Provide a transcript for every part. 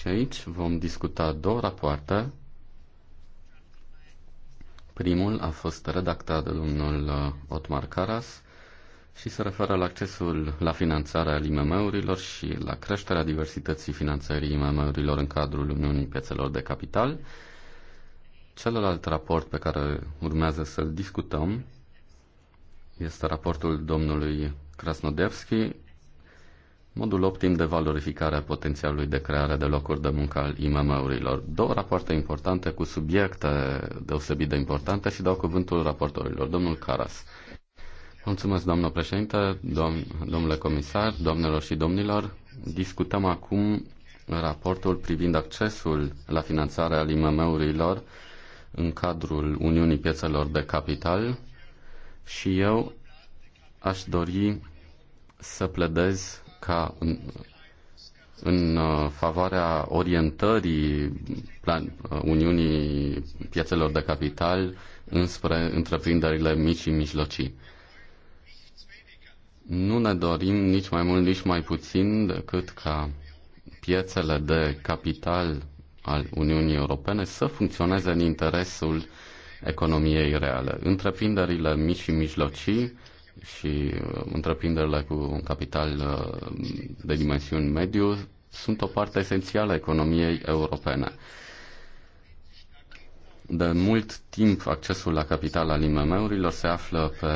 Și aici vom discuta două rapoarte. Primul a fost redactat de domnul uh, Otmar Caras și se referă la accesul la finanțarea IMM-urilor și la creșterea diversității finanțării IMM-urilor în cadrul Uniunii Piețelor de Capital. Celălalt raport pe care urmează să-l discutăm este raportul domnului Krasnodevski modul optim de valorificare a potențialului de creare de locuri de muncă al IMM-urilor. Două rapoarte importante cu subiecte deosebit de importante și dau cuvântul raportorilor. Domnul Caras. Mulțumesc, doamnă președinte, dom- domnule comisar, doamnelor și domnilor. Discutăm acum raportul privind accesul la finanțare al IMM-urilor în cadrul Uniunii Piețelor de Capital și eu aș dori să pledez ca în, în uh, favoarea orientării plan, uh, Uniunii piețelor de capital înspre întreprinderile mici și mijlocii. Nu ne dorim nici mai mult, nici mai puțin decât ca piețele de capital al Uniunii Europene să funcționeze în interesul economiei reale. Întreprinderile mici și mijlocii și uh, întreprinderile cu un capital uh, de dimensiuni mediu sunt o parte esențială a economiei europene. De mult timp, accesul la capital al IMM-urilor se află pe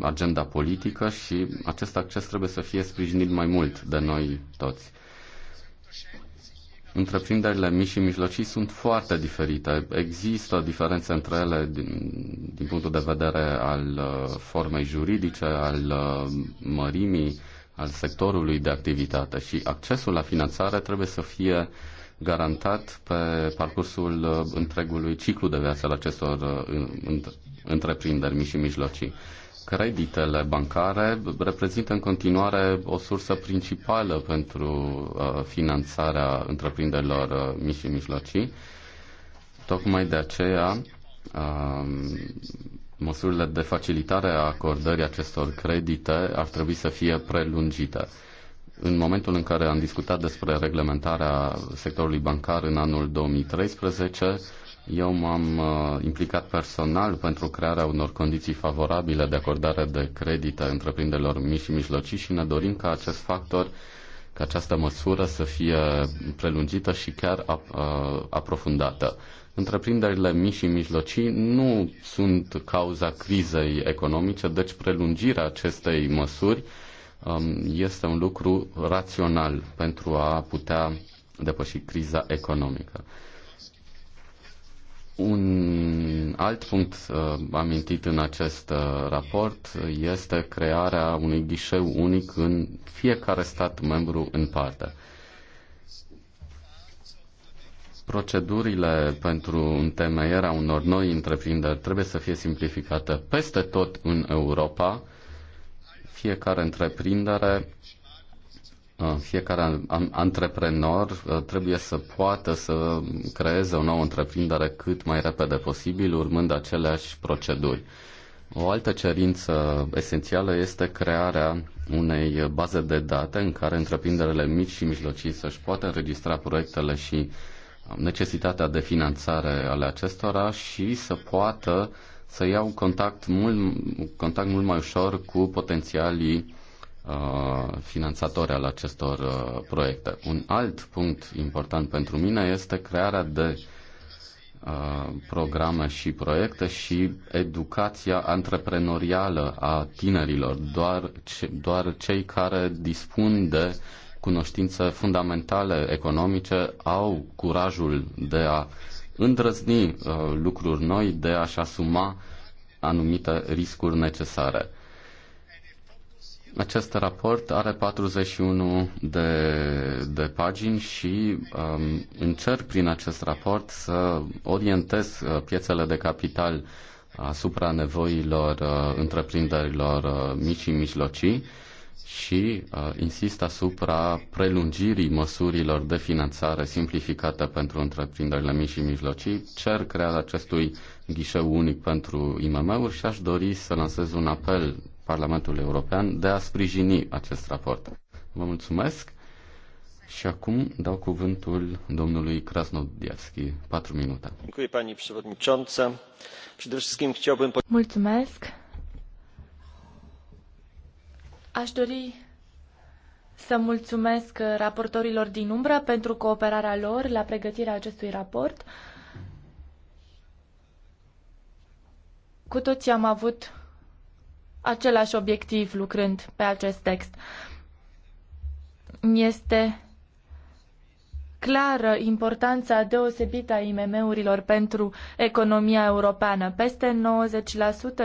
agenda politică și acest acces trebuie să fie sprijinit mai mult de noi toți. Întreprinderile mici și mijlocii sunt foarte diferite. Există diferențe între ele din, din punctul de vedere al uh, formei juridice, al uh, mărimii, al sectorului de activitate și accesul la finanțare trebuie să fie garantat pe parcursul uh, întregului ciclu de viață al acestor întreprinderi mici și mijlocii. Creditele bancare reprezintă în continuare o sursă principală pentru uh, finanțarea întreprinderilor uh, mici și mijlocii. Tocmai de aceea, um, măsurile de facilitare a acordării acestor credite ar trebui să fie prelungite. În momentul în care am discutat despre reglementarea sectorului bancar în anul 2013, eu m-am uh, implicat personal pentru crearea unor condiții favorabile de acordare de credite întreprinderilor mici și mijlocii și ne dorim ca acest factor, ca această măsură să fie prelungită și chiar ap- uh, aprofundată. Întreprinderile mici și mijlocii nu sunt cauza crizei economice, deci prelungirea acestei măsuri um, este un lucru rațional pentru a putea depăși criza economică. Un alt punct uh, amintit în acest uh, raport este crearea unui ghișeu unic în fiecare stat membru în parte. Procedurile pentru întemeierea unor noi întreprinderi trebuie să fie simplificate peste tot în Europa. Fiecare întreprindere fiecare antreprenor uh, trebuie să poată să creeze o nouă întreprindere cât mai repede posibil, urmând aceleași proceduri. O altă cerință esențială este crearea unei baze de date în care întreprinderile mici și mijlocii să-și poată înregistra proiectele și uh, necesitatea de finanțare ale acestora și să poată să iau contact mult, contact mult mai ușor cu potențialii Uh, finanțatori al acestor uh, proiecte. Un alt punct important pentru mine este crearea de uh, programe și proiecte și educația antreprenorială a tinerilor, doar, ce, doar cei care dispun de cunoștințe fundamentale economice au curajul de a îndrăzni uh, lucruri noi, de a-și asuma anumite riscuri necesare. Acest raport are 41 de, de pagini și um, încerc prin acest raport să orientez uh, piețele de capital asupra nevoilor uh, întreprinderilor uh, mici și mijlocii și uh, insist asupra prelungirii măsurilor de finanțare simplificate pentru întreprinderile mici și mijlocii. Cer crearea acestui ghișeu unic pentru IMM-uri și aș dori să lansez un apel Parlamentul European de a sprijini acest raport. Vă mulțumesc și acum dau cuvântul domnului Krasnodievski. Patru minute. Mulțumesc. Aș dori să mulțumesc raportorilor din umbră pentru cooperarea lor la pregătirea acestui raport. Cu toții am avut același obiectiv lucrând pe acest text. Este clară importanța deosebită a IMM-urilor pentru economia europeană. Peste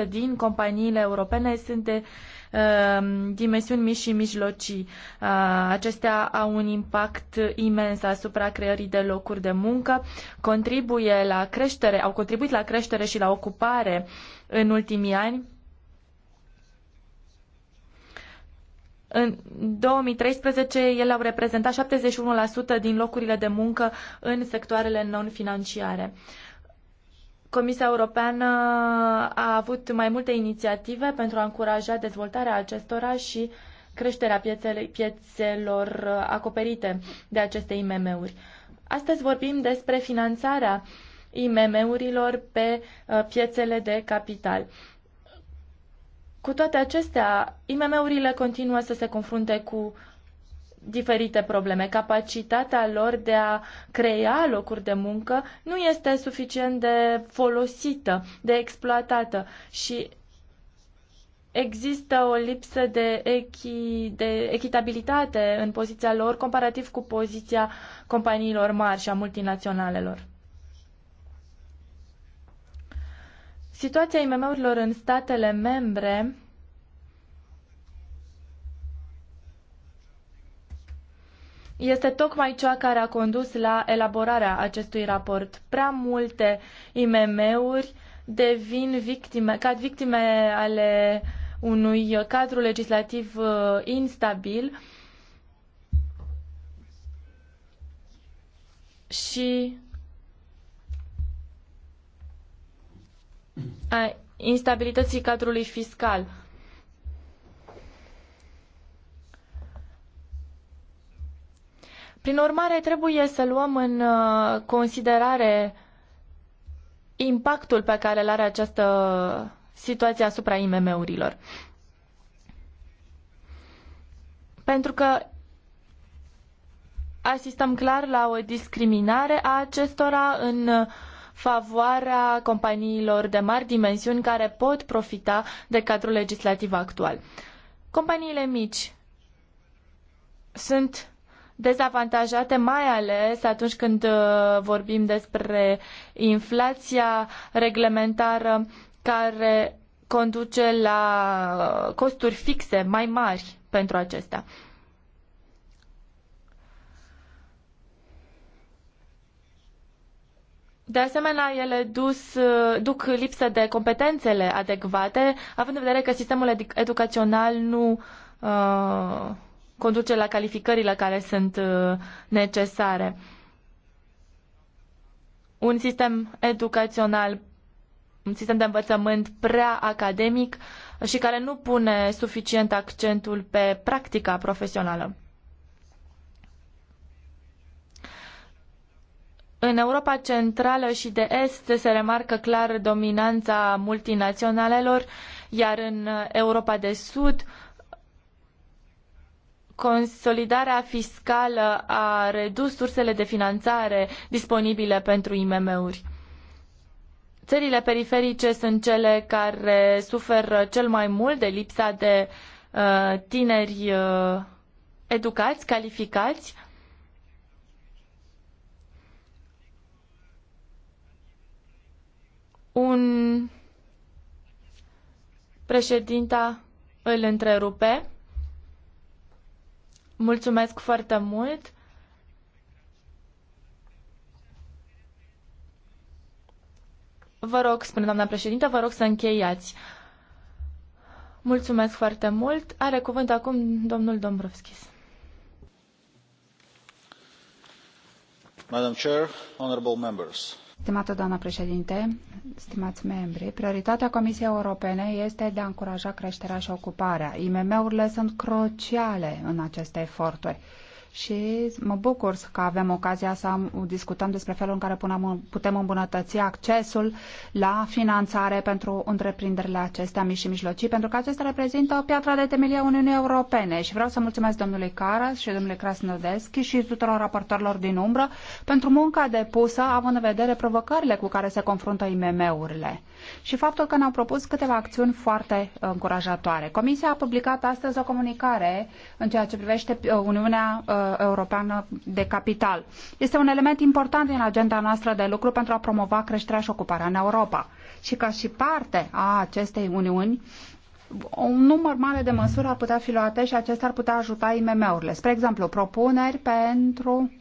90% din companiile europene sunt de um, dimensiuni mici și mijlocii. Uh, acestea au un impact imens asupra creării de locuri de muncă, contribuie la creștere, au contribuit la creștere și la ocupare în ultimii ani În 2013 ele au reprezentat 71% din locurile de muncă în sectoarele non-financiare. Comisia Europeană a avut mai multe inițiative pentru a încuraja dezvoltarea acestora și creșterea piețelor acoperite de aceste IMM-uri. Astăzi vorbim despre finanțarea IMM-urilor pe uh, piețele de capital. Cu toate acestea, IMM-urile continuă să se confrunte cu diferite probleme. Capacitatea lor de a crea locuri de muncă nu este suficient de folosită, de exploatată și există o lipsă de, echi, de echitabilitate în poziția lor comparativ cu poziția companiilor mari și a multinaționalelor. Situația IMM-urilor în statele membre este tocmai cea care a condus la elaborarea acestui raport. Prea multe IMM-uri devin victime, cad victime ale unui cadru legislativ uh, instabil și a instabilității cadrului fiscal. Prin urmare, trebuie să luăm în uh, considerare impactul pe care îl are această situație asupra IMM-urilor. Pentru că asistăm clar la o discriminare a acestora în uh, favoarea companiilor de mari dimensiuni care pot profita de cadrul legislativ actual. Companiile mici sunt dezavantajate, mai ales atunci când uh, vorbim despre inflația reglementară care conduce la uh, costuri fixe mai mari pentru acestea. De asemenea, ele dus, duc lipsă de competențele adecvate, având în vedere că sistemul educațional nu uh, conduce la calificările care sunt uh, necesare. Un sistem educațional, un sistem de învățământ prea academic și care nu pune suficient accentul pe practica profesională. În Europa Centrală și de Est se remarcă clar dominanța multinaționalelor, iar în Europa de Sud consolidarea fiscală a redus sursele de finanțare disponibile pentru IMM-uri. Țările periferice sunt cele care suferă cel mai mult de lipsa de uh, tineri uh, educați, calificați, un președinta îl întrerupe. Mulțumesc foarte mult. Vă rog, spune doamna președintă, vă rog să încheiați. Mulțumesc foarte mult. Are cuvânt acum domnul Dombrovskis. Stimată doamnă președinte, stimați membri, prioritatea Comisiei Europene este de a încuraja creșterea și ocuparea. IMM-urile sunt cruciale în aceste eforturi și mă bucur că avem ocazia să discutăm despre felul în care putem îmbunătăți accesul la finanțare pentru întreprinderile acestea mici și mijlocii, pentru că acestea reprezintă piatra de temelie a Uniunii Europene și vreau să mulțumesc domnului Caras și domnului Krasnodeschi și tuturor raportorilor din umbră pentru munca depusă, având în vedere provocările cu care se confruntă IMM-urile și faptul că ne-au propus câteva acțiuni foarte uh, încurajatoare. Comisia a publicat astăzi o comunicare în ceea ce privește uh, Uniunea uh, Europeană de Capital. Este un element important din agenda noastră de lucru pentru a promova creșterea și ocuparea în Europa. Și ca și parte a acestei uniuni, un număr mare de măsuri ar putea fi luate și acestea ar putea ajuta IMM-urile. Spre exemplu, propuneri pentru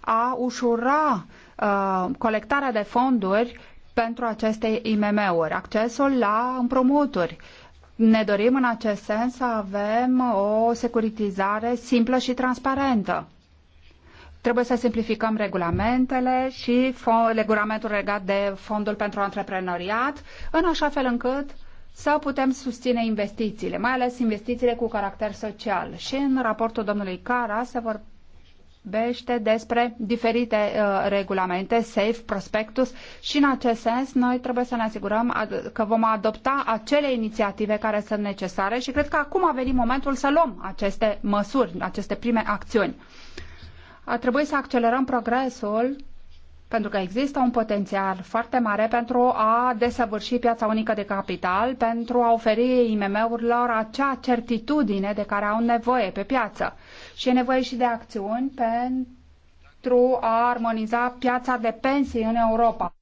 a ușura uh, colectarea de fonduri pentru aceste IMM-uri, accesul la împrumuturi, uh, ne dorim în acest sens să avem o securitizare simplă și transparentă. Trebuie să simplificăm regulamentele și regulamentul legat de fondul pentru antreprenoriat, în așa fel încât să putem susține investițiile, mai ales investițiile cu caracter social. Și în raportul domnului Cara se vor vorbește despre diferite uh, regulamente, SAFE, prospectus și în acest sens noi trebuie să ne asigurăm că vom adopta acele inițiative care sunt necesare și cred că acum a venit momentul să luăm aceste măsuri, aceste prime acțiuni. A trebui să accelerăm progresul pentru că există un potențial foarte mare pentru a desăvârși piața unică de capital, pentru a oferi IMM-urilor acea certitudine de care au nevoie pe piață. Și e nevoie și de acțiuni pentru a armoniza piața de pensii în Europa.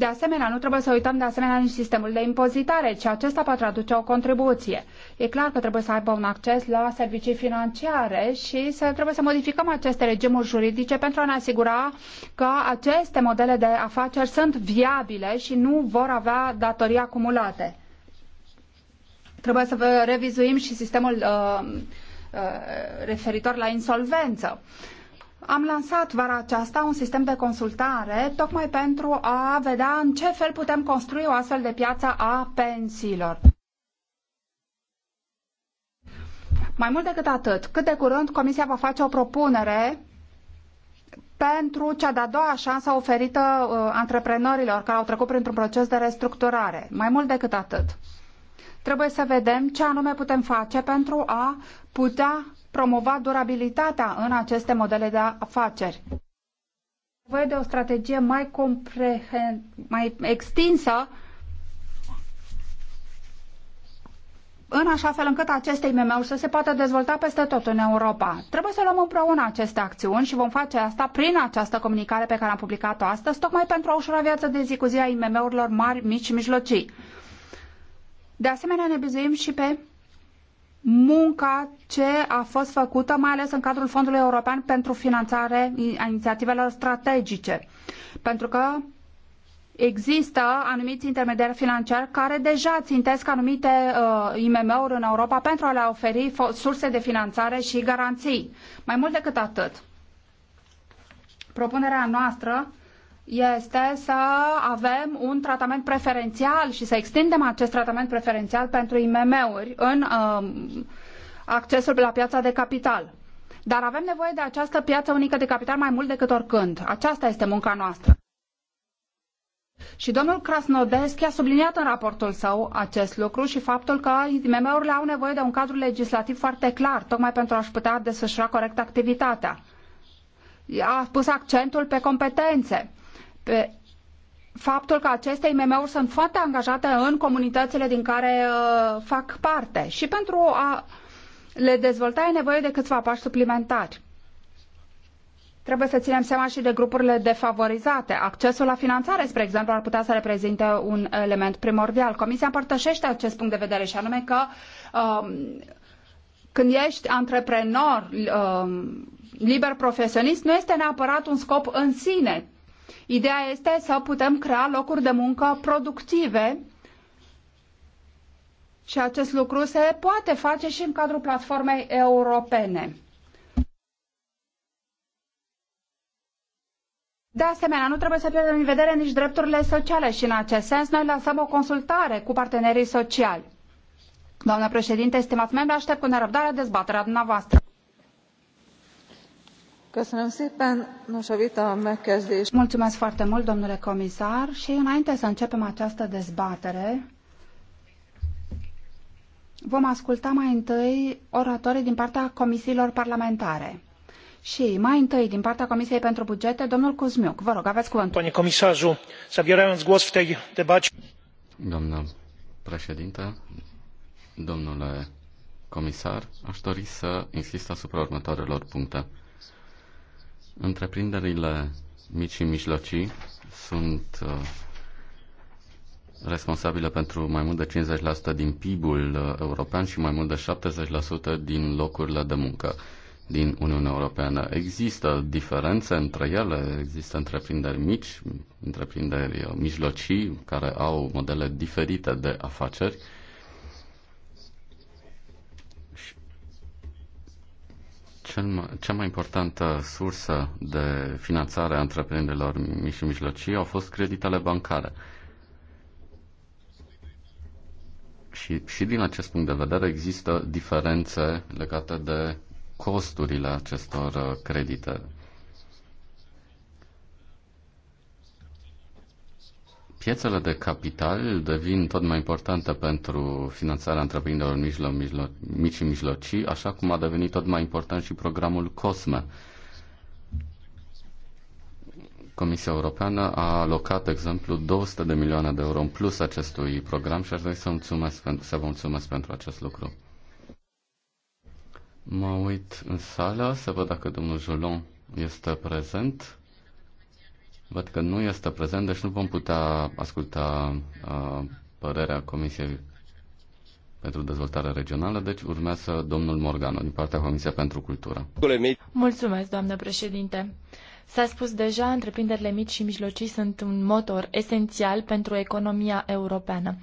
De asemenea, nu trebuie să uităm de asemenea nici sistemul de impozitare, ci acesta poate aduce o contribuție. E clar că trebuie să aibă un acces la servicii financiare și să, trebuie să modificăm aceste regimuri juridice pentru a ne asigura că aceste modele de afaceri sunt viabile și nu vor avea datorii acumulate. Trebuie să revizuim și sistemul uh, uh, referitor la insolvență. Uh, am lansat vara aceasta un sistem de consultare tocmai pentru a vedea în ce fel putem construi o astfel de piață a pensiilor. Mai mult decât atât, cât de curând Comisia va face o propunere pentru cea de-a doua șansă oferită uh, antreprenorilor care au trecut printr-un proces de restructurare. Mai mult decât atât, trebuie să vedem ce anume putem face pentru a putea promova durabilitatea în aceste modele de afaceri. Nevoie de o strategie mai, comprehen, mai extinsă în așa fel încât aceste IMM-uri să se poată dezvolta peste tot în Europa. Trebuie să luăm împreună aceste acțiuni și vom face asta prin această comunicare pe care am publicat-o astăzi, tocmai pentru a ușura viața de zi cu zi a IMM-urilor mari, mici și mijlocii. De asemenea, ne bizuim și pe munca ce a fost făcută, mai ales în cadrul Fondului European pentru finanțare a inițiativelor strategice. Pentru că există anumiți intermediari financiari care deja țintesc anumite uh, IMM-uri în Europa pentru a le oferi surse de finanțare și garanții. Mai mult decât atât, propunerea noastră este să avem un tratament preferențial și să extindem acest tratament preferențial pentru IMM-uri în um, accesul la piața de capital. Dar avem nevoie de această piață unică de capital mai mult decât oricând. Aceasta este munca noastră. Și domnul Krasnodeschi a subliniat în raportul său acest lucru și faptul că IMM-urile au nevoie de un cadru legislativ foarte clar, tocmai pentru a-și putea desfășura corect activitatea. A pus accentul pe competențe pe faptul că aceste IMM-uri sunt foarte angajate în comunitățile din care uh, fac parte și pentru a le dezvolta e nevoie de câțiva pași suplimentari. Trebuie să ținem seama și de grupurile defavorizate. Accesul la finanțare, spre exemplu, ar putea să reprezinte un element primordial. Comisia împărtășește acest punct de vedere și anume că um, când ești antreprenor, um, liber profesionist, nu este neapărat un scop în sine, Ideea este să putem crea locuri de muncă productive și acest lucru se poate face și în cadrul platformei europene. De asemenea, nu trebuie să pierdem în vedere nici drepturile sociale și în acest sens noi lansăm o consultare cu partenerii sociali. Doamnă președinte, stimați membri, aștept cu nerăbdare dezbaterea dumneavoastră. Mulțumesc foarte mult, domnule comisar, și înainte să începem această dezbatere, vom asculta mai întâi oratorii din partea comisiilor parlamentare. Și mai întâi, din partea Comisiei pentru Bugete, domnul Cuzmiuc. Vă rog, aveți cuvântul. comisarul. Să zabierając głos w tej debacie... Doamnă președintă, domnule comisar, aș dori să insist asupra următoarelor puncte. Întreprinderile mici și mijlocii sunt uh, responsabile pentru mai mult de 50% din PIB-ul uh, european și mai mult de 70% din locurile de muncă din Uniunea Europeană. Există diferențe între ele, există întreprinderi mici, întreprinderi uh, mijlocii care au modele diferite de afaceri Cel mai, cea mai importantă sursă de finanțare a întreprinderilor mici și mijlocii au fost creditele bancare. Și, și din acest punct de vedere există diferențe legate de costurile acestor uh, credite. Piețele de capital devin tot mai importante pentru finanțarea întreprinderilor mijlo, mijlo, mici și mijlocii, așa cum a devenit tot mai important și programul COSME. Comisia Europeană a alocat, de exemplu, 200 de milioane de euro în plus acestui program și aș dori să, mulțumesc, să vă mulțumesc pentru acest lucru. Mă uit în sală să văd dacă domnul Jolon este prezent. Văd că nu este prezent, deci nu vom putea asculta uh, părerea Comisiei pentru dezvoltare regională, deci urmează domnul Morgano din partea Comisiei pentru Cultură. Mulțumesc, doamnă președinte. S-a spus deja, întreprinderile mici și mijlocii sunt un motor esențial pentru economia europeană.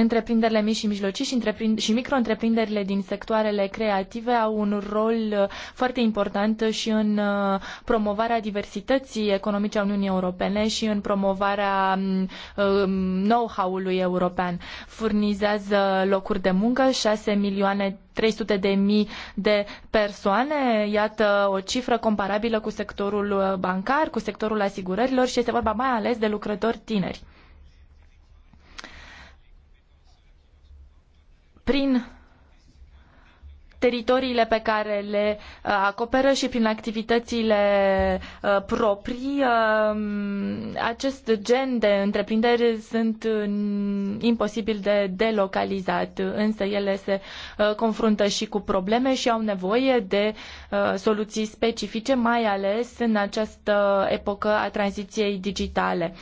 întreprinderile mici și mijlocii și, întreprind- și micro-întreprinderile din sectoarele creative au un rol uh, foarte important și în uh, promovarea diversității economice a Uniunii Europene și în promovarea mm, um, know-how-ului european. Furnizează locuri de muncă, 6 milioane 300 de mii de persoane, iată o cifră comparabilă cu sectorul uh, bancar, cu sectorul asigurărilor și este vorba mai ales de lucrători tineri. prin teritoriile pe care le uh, acoperă și prin activitățile uh, proprii, um, acest gen de întreprinderi sunt um, imposibil de delocalizat, însă ele se uh, confruntă și cu probleme și au nevoie de soluții specifice, mai ales în această epocă a tranziției digitale.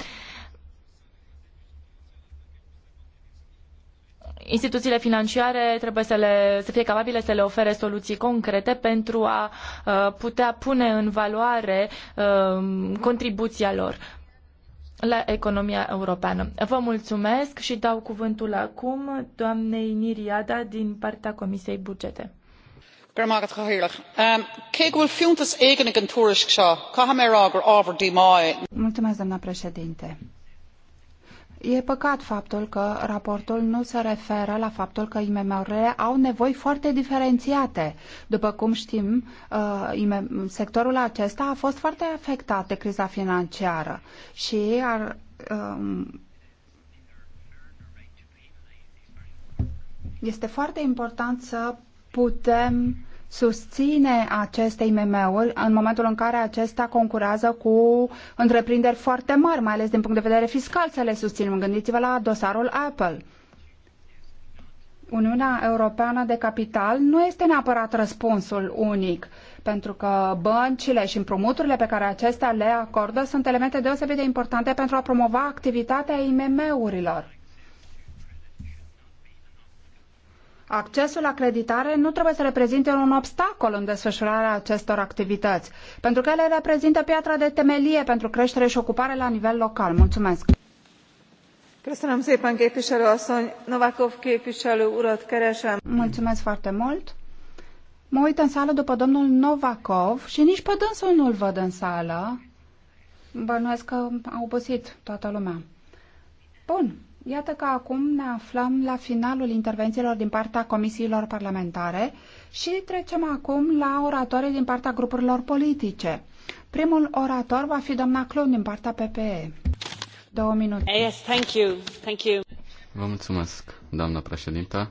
instituțiile financiare trebuie să, le, să fie capabile să le ofere soluții concrete pentru a uh, putea pune în valoare um, contribuția lor la economia europeană. Vă mulțumesc și dau cuvântul acum doamnei Niriada din partea Comisiei Bugete. Mulțumesc, doamna președinte E păcat faptul că raportul nu se referă la faptul că IMM-urile au nevoi foarte diferențiate. După cum știm, uh, sectorul acesta a fost foarte afectat de criza financiară și ar, um, este foarte important să putem susține aceste IMM-uri în momentul în care acesta concurează cu întreprinderi foarte mari, mai ales din punct de vedere fiscal să le susținem. Gândiți-vă la dosarul Apple. Uniunea Europeană de Capital nu este neapărat răspunsul unic, pentru că băncile și împrumuturile pe care acestea le acordă sunt elemente deosebit de importante pentru a promova activitatea IMM-urilor. Accesul la creditare nu trebuie să reprezinte un obstacol în desfășurarea acestor activități, pentru că ele reprezintă piatra de temelie pentru creștere și ocupare la nivel local. Mulțumesc! Köszönöm szépen, képviselő asszony. Novakov képviselő urat keresem. Mulțumesc foarte mult. Mă uit în sală după domnul Novakov și nici pe dânsul nu-l văd în sală. Bănuiesc că a obosit toată lumea. Bun, Iată că acum ne aflăm la finalul intervențiilor din partea comisiilor parlamentare și trecem acum la oratorii din partea grupurilor politice. Primul orator va fi doamna Clun din partea PPE. Două minute. Yes, thank you. Thank you. Vă mulțumesc, doamna președintă.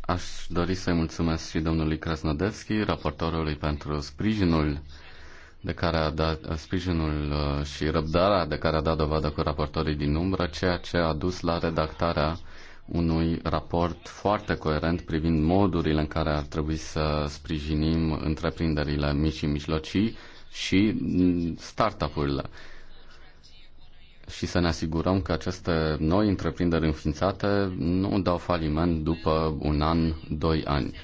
Aș dori să-i mulțumesc și domnului Krasnodevski, raportorului pentru sprijinul de care a dat sprijinul uh, și răbdarea de care a dat dovadă cu raportorii din umbră, ceea ce a dus la redactarea unui raport foarte coerent privind modurile în care ar trebui să sprijinim întreprinderile mici și mijlocii și mm, startup-urile și să ne asigurăm că aceste noi întreprinderi înființate nu dau faliment după un an, doi ani.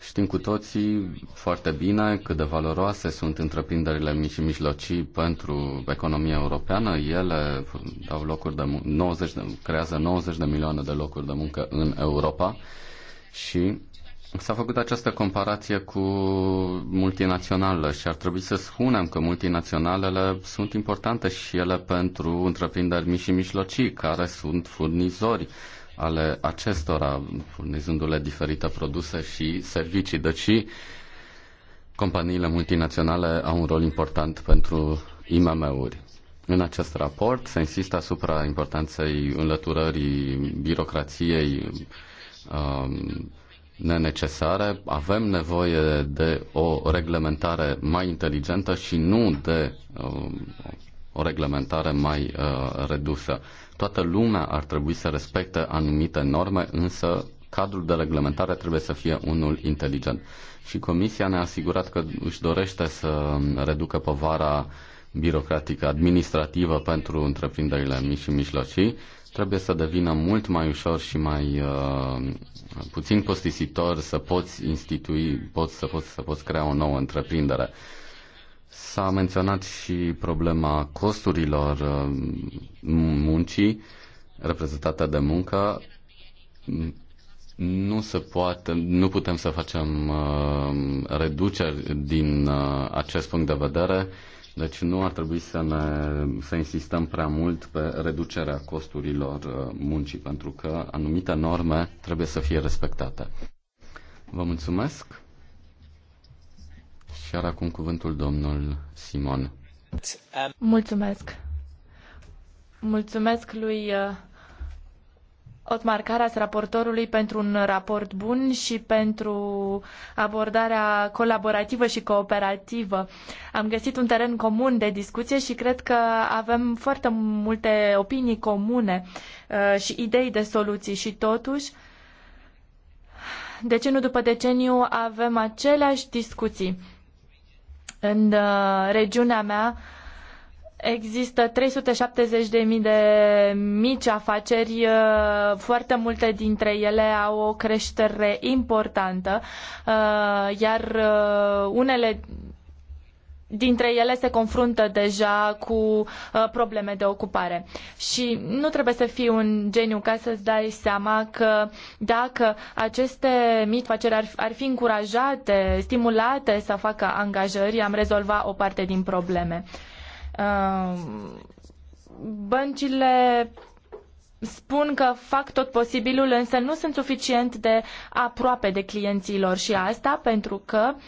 Știm cu toții foarte bine cât de valoroase sunt întreprinderile mici și mijlocii pentru economia europeană. Ele dau locuri de 90 de, creează 90 de milioane de locuri de muncă în Europa și S-a făcut această comparație cu multinaționalele și ar trebui să spunem că multinaționalele sunt importante și ele pentru întreprinderi mici și mijlocii, care sunt furnizori ale acestora, furnizându-le diferite produse și servicii. Deci companiile multinaționale au un rol important pentru IMM-uri. În acest raport se insistă asupra importanței înlăturării birocrației um, nenecesare. Avem nevoie de o reglementare mai inteligentă și nu de um, o reglementare mai uh, redusă. Toată lumea ar trebui să respecte anumite norme, însă cadrul de reglementare trebuie să fie unul inteligent. Și Comisia ne-a asigurat că își dorește să reducă povara birocratică, administrativă pentru întreprinderile mici și mijlocii, trebuie să devină mult mai ușor și mai uh, puțin costisitor să poți institui, poți, să, poți, să poți crea o nouă întreprindere. S-a menționat și problema costurilor uh, muncii reprezentată de muncă. Nu se poate, nu putem să facem uh, reduceri din uh, acest punct de vedere, deci nu ar trebui să ne să insistăm prea mult pe reducerea costurilor muncii, pentru că anumite norme trebuie să fie respectate. Vă mulțumesc. Și are acum cuvântul domnul Simon. Mulțumesc. Mulțumesc lui uh, Otmar Caras, raportorului, pentru un raport bun și pentru abordarea colaborativă și cooperativă. Am găsit un teren comun de discuție și cred că avem foarte multe opinii comune uh, și idei de soluții și totuși deceniu după deceniu avem aceleași discuții în uh, regiunea mea există 370.000 de mici afaceri, uh, foarte multe dintre ele au o creștere importantă, uh, iar unele dintre ele se confruntă deja cu uh, probleme de ocupare. Și nu trebuie să fii un geniu ca să-ți dai seama că dacă aceste mici ar, ar fi încurajate, stimulate să facă angajări, am rezolva o parte din probleme. Uh, băncile spun că fac tot posibilul, însă nu sunt suficient de aproape de clienții lor și asta pentru că uh,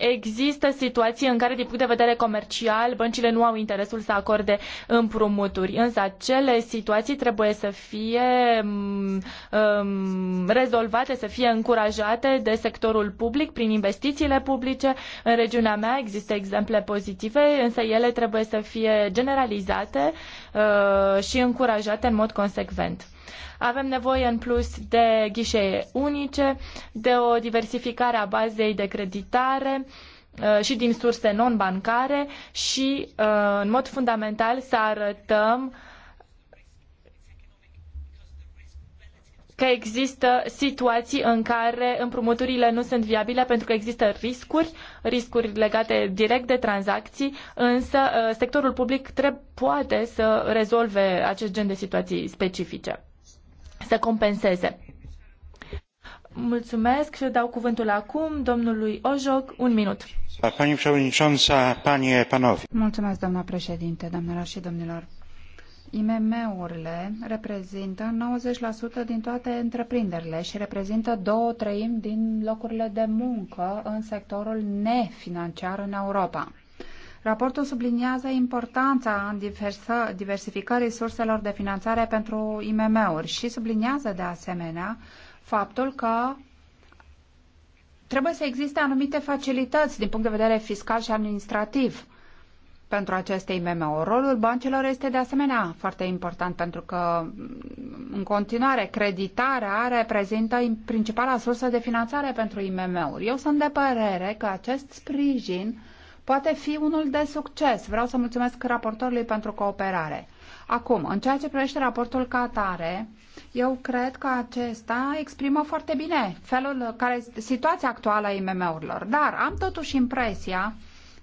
există situații în care, din punct de vedere comercial, băncile nu au interesul să acorde împrumuturi. Însă acele situații trebuie să fie um, rezolvate, să fie încurajate de sectorul public prin investițiile publice. În regiunea mea există exemple pozitive, însă ele trebuie să fie generalizate uh, și încurajate în mod consecvent. Avem nevoie în plus de ghișee unice, de o diversificare a bazei de creditare uh, și din surse non-bancare și, uh, în mod fundamental, să arătăm că există situații în care împrumuturile nu sunt viabile pentru că există riscuri, riscuri legate direct de tranzacții, însă uh, sectorul public trebuie, poate să rezolve acest gen de situații specifice să compenseze. Mulțumesc și dau cuvântul acum domnului Ojoc, un minut. Pani președinte, panie, Mulțumesc, doamna președinte, doamnelor și domnilor. IMM-urile reprezintă 90% din toate întreprinderile și reprezintă două treimi din locurile de muncă în sectorul nefinanciar în Europa. Raportul subliniază importanța în diversificării surselor de finanțare pentru IMM-uri și subliniază de asemenea faptul că trebuie să existe anumite facilități din punct de vedere fiscal și administrativ pentru aceste IMM-uri. Rolul băncilor este de asemenea foarte important pentru că în continuare creditarea reprezintă principala sursă de finanțare pentru IMM-uri. Eu sunt de părere că acest sprijin poate fi unul de succes. Vreau să mulțumesc raportorului pentru cooperare. Acum, în ceea ce privește raportul ca atare, eu cred că acesta exprimă foarte bine felul care situația actuală a IMM-urilor. Dar am totuși impresia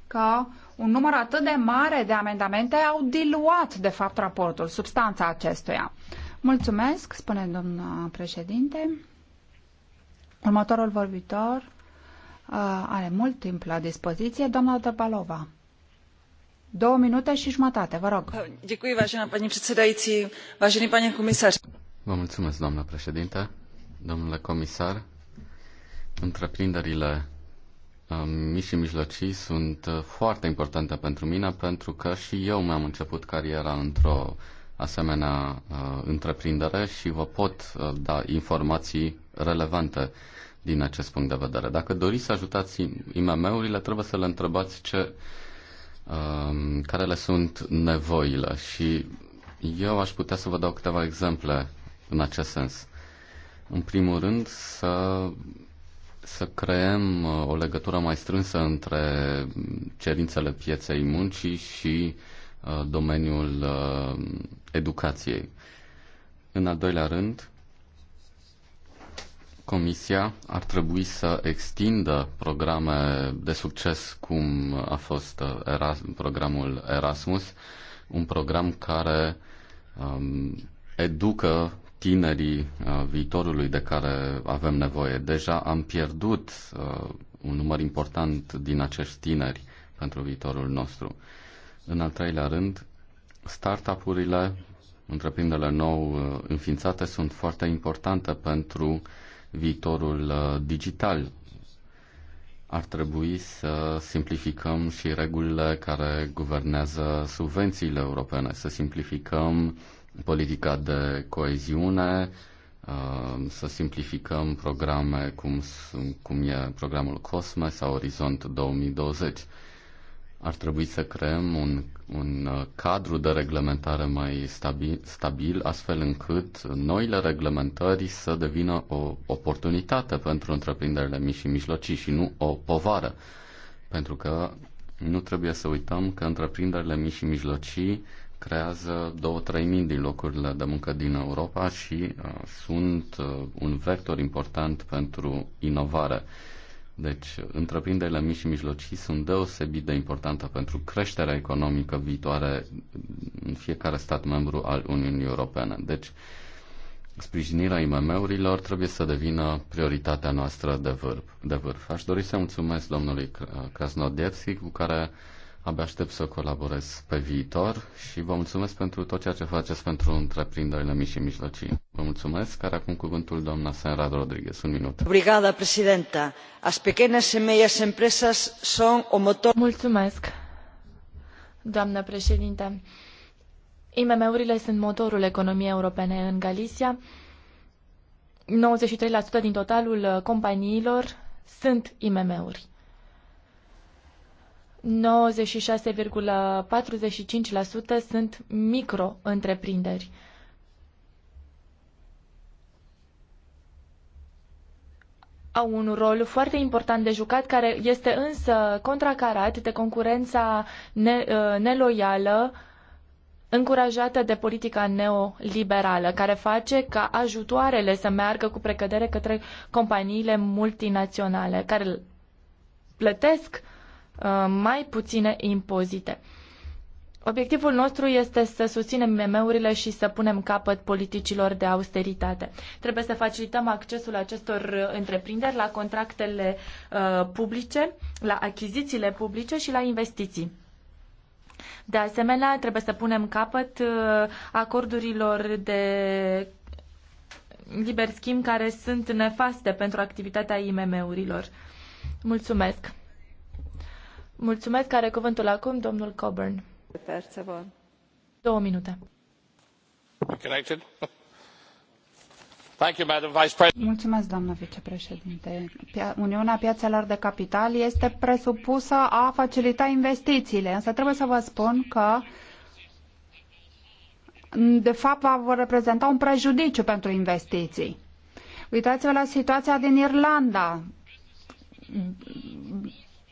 că un număr atât de mare de amendamente au diluat, de fapt, raportul, substanța acestuia. Mulțumesc, spune domnul președinte. Următorul vorbitor are mult timp la dispoziție. Doamna Dăbalova. Două minute și jumătate, vă rog. Dicui, vașina, pani předsedající, vașini, pani comisar. Vă mulțumesc, doamna președinte, domnule comisar. Întreprinderile mici și mijlocii sunt foarte importante pentru mine pentru că și eu mi-am început cariera într-o asemenea întreprindere și vă pot da informații relevante din acest punct de vedere. Dacă doriți să ajutați IMM-urile, trebuie să le întrebați ce, um, care le sunt nevoile și eu aș putea să vă dau câteva exemple în acest sens. În primul rând, să, să creăm uh, o legătură mai strânsă între cerințele pieței muncii și uh, domeniul uh, educației. În al doilea rând, Comisia ar trebui să extindă programe de succes cum a fost Eras- programul Erasmus, un program care um, educă tinerii uh, viitorului de care avem nevoie. Deja am pierdut uh, un număr important din acești tineri pentru viitorul nostru. În al treilea rând, startup-urile, întreprinderile nou uh, înființate, sunt foarte importante pentru uh, viitorul uh, digital. Ar trebui să simplificăm și regulile care guvernează subvențiile europene, să simplificăm politica de coeziune, uh, să simplificăm programe cum, cum e programul COSME sau Orizont 2020 ar trebui să creăm un, un uh, cadru de reglementare mai stabil, stabil, astfel încât noile reglementări să devină o oportunitate pentru întreprinderile mici și mijlocii și nu o povară. Pentru că nu trebuie să uităm că întreprinderile mici și mijlocii creează două mii din locurile de muncă din Europa și uh, sunt uh, un vector important pentru inovare. Uh, deci, întreprinderile mici și mijlocii sunt deosebit de importante pentru creșterea economică viitoare în fiecare stat membru al Uniunii Europene. Deci, sprijinirea IMM-urilor trebuie să devină prioritatea noastră de vârf. De vârf. Aș dori să mulțumesc domnului Krasnodevski, cu care Abia aștept să colaborez pe viitor și vă mulțumesc pentru tot ceea ce faceți pentru întreprinderile mici și mijlocii. Vă mulțumesc, care acum cuvântul doamna Senra Rodriguez. Un minut. Obrigada, presidenta. As pequeñas e medias empresas son o motor... Mulțumesc, doamna președinte. IMM-urile sunt motorul economiei europene în Galicia. 93% din totalul uh, companiilor sunt IMM-uri. 96,45% sunt micro-întreprinderi. Au un rol foarte important de jucat, care este însă contracarat de concurența ne uh, neloială încurajată de politica neoliberală, care face ca ajutoarele să meargă cu precădere către companiile multinaționale, care plătesc uh, Uh, mai puține impozite. Obiectivul nostru este să susținem MM-urile și să punem capăt politicilor de austeritate. Trebuie să facilităm accesul acestor uh, întreprinderi la contractele uh, publice, la achizițiile publice și la investiții. De asemenea, trebuie să punem capăt uh, acordurilor de liber schimb care sunt nefaste pentru activitatea IMM-urilor. Mulțumesc! Mulțumesc. Are cuvântul acum domnul Coburn. Două minute. Connected. Mulțumesc, doamnă vicepreședinte. Uniunea Piațelor de Capital este presupusă a facilita investițiile, însă trebuie să vă spun că de fapt va reprezenta un prejudiciu pentru investiții. Uitați-vă la situația din Irlanda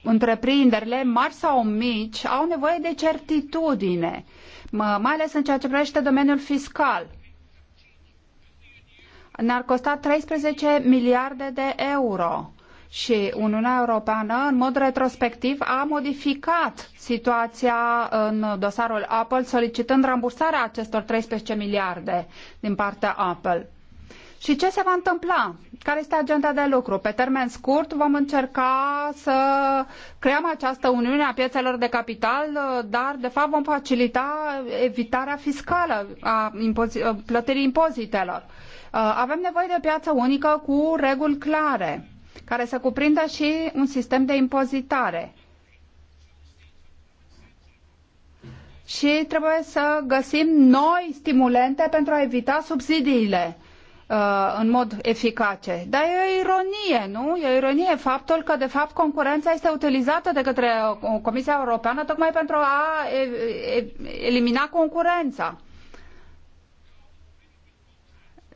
întreprinderile mari sau mici au nevoie de certitudine, mai ales în ceea ce privește domeniul fiscal. Ne-ar costa 13 miliarde de euro și Uniunea Europeană, în mod retrospectiv, a modificat situația în dosarul Apple, solicitând rambursarea acestor 13 miliarde din partea Apple. Și ce se va întâmpla? Care este agenda de lucru? Pe termen scurt vom încerca să creăm această uniune a piețelor de capital, dar de fapt vom facilita evitarea fiscală a impozi- plătirii impozitelor. Uh, avem nevoie de o piață unică cu reguli clare, care să cuprindă și un sistem de impozitare. Și trebuie să găsim noi stimulente pentru a evita subsidiile Uh, în mod eficace. Dar e o ironie, nu? E o ironie faptul că, de fapt, concurența este utilizată de către Comisia Europeană tocmai pentru a elimina concurența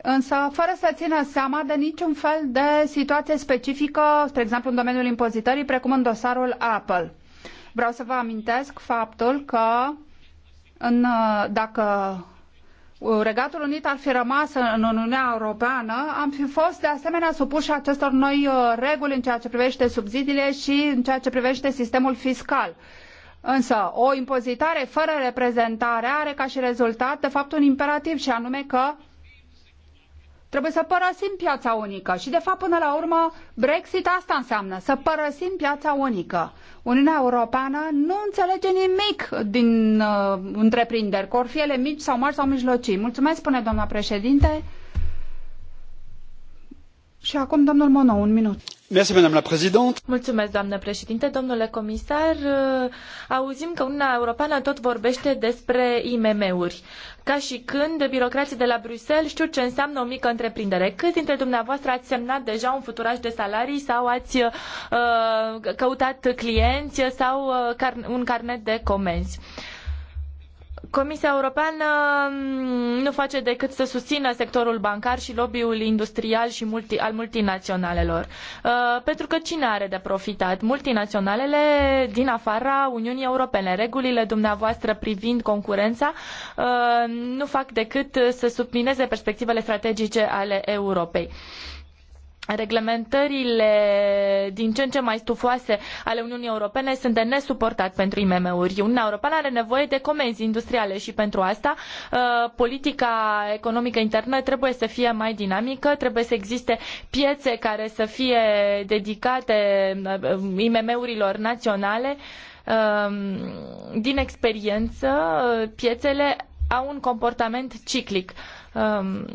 însă fără să țină seama de niciun fel de situație specifică, spre exemplu în domeniul impozitării, precum în dosarul Apple. Vreau să vă amintesc faptul că în, uh, dacă Regatul Unit ar fi rămas în Uniunea Europeană, am fi fost de asemenea supuși acestor noi uh, reguli în ceea ce privește subsidiile și în ceea ce privește sistemul fiscal. Însă, o impozitare fără reprezentare are ca și rezultat, de fapt, un imperativ și anume că Trebuie să părăsim piața unică și, de fapt, până la urmă, Brexit asta înseamnă, să părăsim piața unică. Uniunea Europeană nu înțelege nimic din uh, întreprinderi, că ele mici sau mari sau mijlocii. Mulțumesc, spune doamna președinte. Și acum, domnul Mono, un minut. Mulțumesc, doamnă președinte. Domnule comisar, uh, auzim că Uniunea Europeană tot vorbește despre IMM-uri. Ca și când birocrații de la Bruxelles știu ce înseamnă o mică întreprindere. Câți dintre dumneavoastră ați semnat deja un futuraj de salarii sau ați uh, căutat clienți sau uh, un carnet de comenzi? Uh, Comisia Europeană mm, nu face decât să susțină sectorul bancar și lobby-ul industrial și multi, al multinaționalelor. Uh, pentru că cine are de profitat? Multinaționalele din afara Uniunii Europene. Regulile dumneavoastră privind concurența uh, nu fac decât să submineze perspectivele strategice ale Europei reglementările din ce în ce mai stufoase ale Uniunii Europene sunt de nesuportat pentru IMM-uri. Uniunea Europeană are nevoie de comenzi industriale și pentru asta uh, politica economică internă trebuie să fie mai dinamică, trebuie să existe piețe care să fie dedicate uh, IMM-urilor naționale. Um, din experiență, uh, piețele au un comportament ciclic um,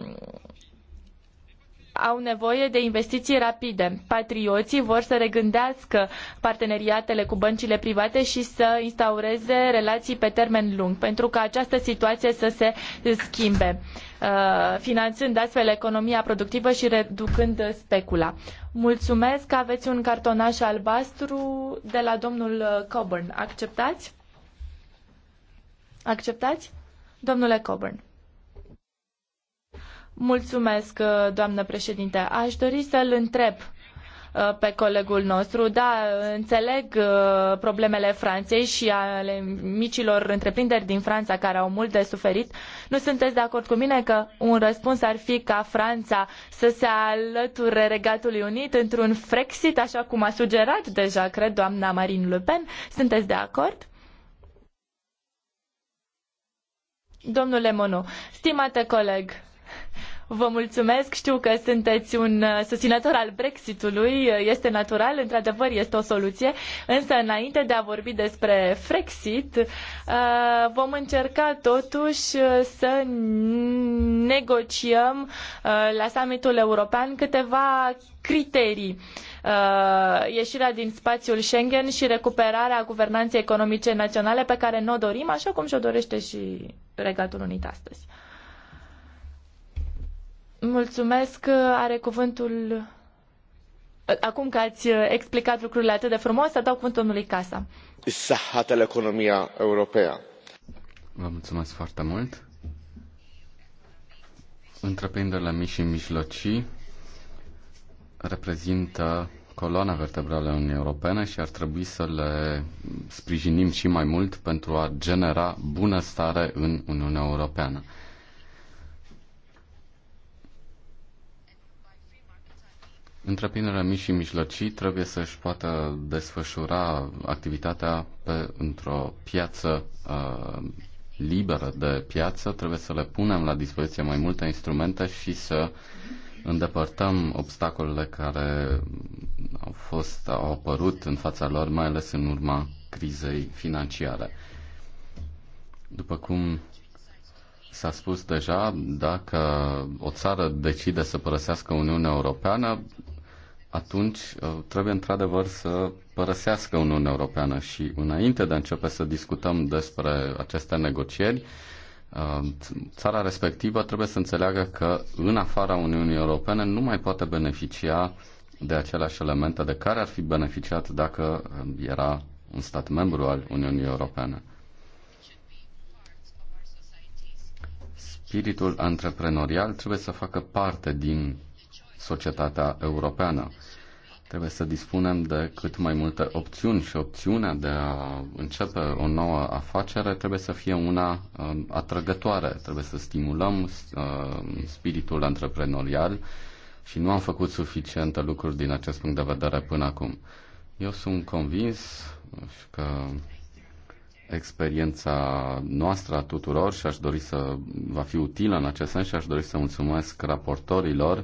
au nevoie de investiții rapide. Patrioții vor să regândească parteneriatele cu băncile private și să instaureze relații pe termen lung, pentru ca această situație să se schimbe, uh, finanțând astfel economia productivă și reducând specula. Mulțumesc că aveți un cartonaș albastru de la domnul Coburn. Acceptați? Acceptați? Domnule Coburn. Mulțumesc, uh, doamnă președinte. Aș dori să-l întreb uh, pe colegul nostru. Da, înțeleg uh, problemele Franței și ale micilor întreprinderi din Franța care au mult de suferit. Nu sunteți de acord cu mine că un răspuns ar fi ca Franța să se alăture Regatului Unit într-un Frexit, așa cum a sugerat deja, cred, doamna Marine Le Pen? Sunteți de acord? Domnule Monu, stimate coleg, Vă mulțumesc, știu că sunteți un uh, susținător al Brexitului, uh, este natural, într-adevăr este o soluție, însă înainte de a vorbi despre Frexit, uh, vom încerca totuși să negociem la summitul european câteva criterii ieșirea din spațiul Schengen și recuperarea guvernanței economice naționale pe care ne-o dorim, așa cum și-o dorește și Regatul Unit astăzi. Mulțumesc, are cuvântul... Acum că ați explicat lucrurile atât de frumos, să dau cuvântul domnului Casa. Sahatel economia europeană. Vă mulțumesc foarte mult. Întreprinderile mici și mijlocii reprezintă coloana vertebrală a Uniunii Europene și ar trebui să le sprijinim și mai mult pentru a genera bunăstare în Uniunea Europeană. Întreprinderea mici și mijlocii trebuie să-și poată desfășura activitatea pe, într-o piață uh, liberă de piață, trebuie să le punem la dispoziție mai multe instrumente și să îndepărtăm obstacolele care au, fost, au apărut în fața lor, mai ales în urma crizei financiare. După cum s-a spus deja, dacă o țară decide să părăsească Uniunea Europeană, atunci uh, trebuie într-adevăr să părăsească Uniunea Europeană și înainte de a începe să discutăm despre aceste negocieri, uh, țara respectivă trebuie să înțeleagă că în afara Uniunii Europene nu mai poate beneficia de aceleași elemente de care ar fi beneficiat dacă uh, era un stat membru al Uniunii Europene. Spiritul antreprenorial trebuie să facă parte din societatea europeană. Trebuie să dispunem de cât mai multe opțiuni și opțiunea de a începe o nouă afacere trebuie să fie una uh, atrăgătoare. Trebuie să stimulăm uh, spiritul antreprenorial și nu am făcut suficiente lucruri din acest punct de vedere până acum. Eu sunt convins că experiența noastră a tuturor și aș dori să va fi utilă în acest sens și aș dori să mulțumesc raportorilor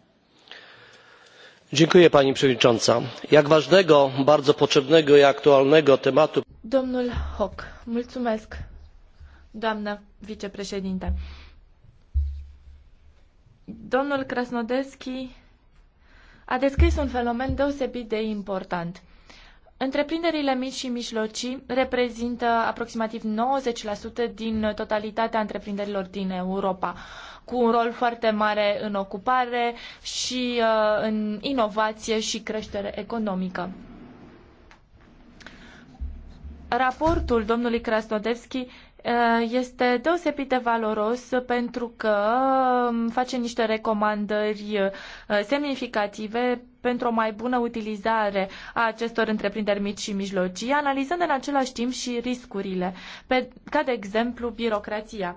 pani przewodnicząca! jak ważnego bardzo potrzebnego i aktualnego tematu. domnul doamnă vicepreședinte. domnul krasnodbski a descris un fenomen deosebit de important Întreprinderile mici și mijlocii reprezintă aproximativ 90% din totalitatea întreprinderilor din Europa, cu un rol foarte mare în ocupare și uh, în inovație și creștere economică. Raportul domnului Krasnodevski Uh, este deosebit de valoros pentru că um, face niște recomandări uh, semnificative pentru o mai bună utilizare a acestor întreprinderi mici și mijlocii, analizând în același timp și riscurile, pe, ca de exemplu birocrația.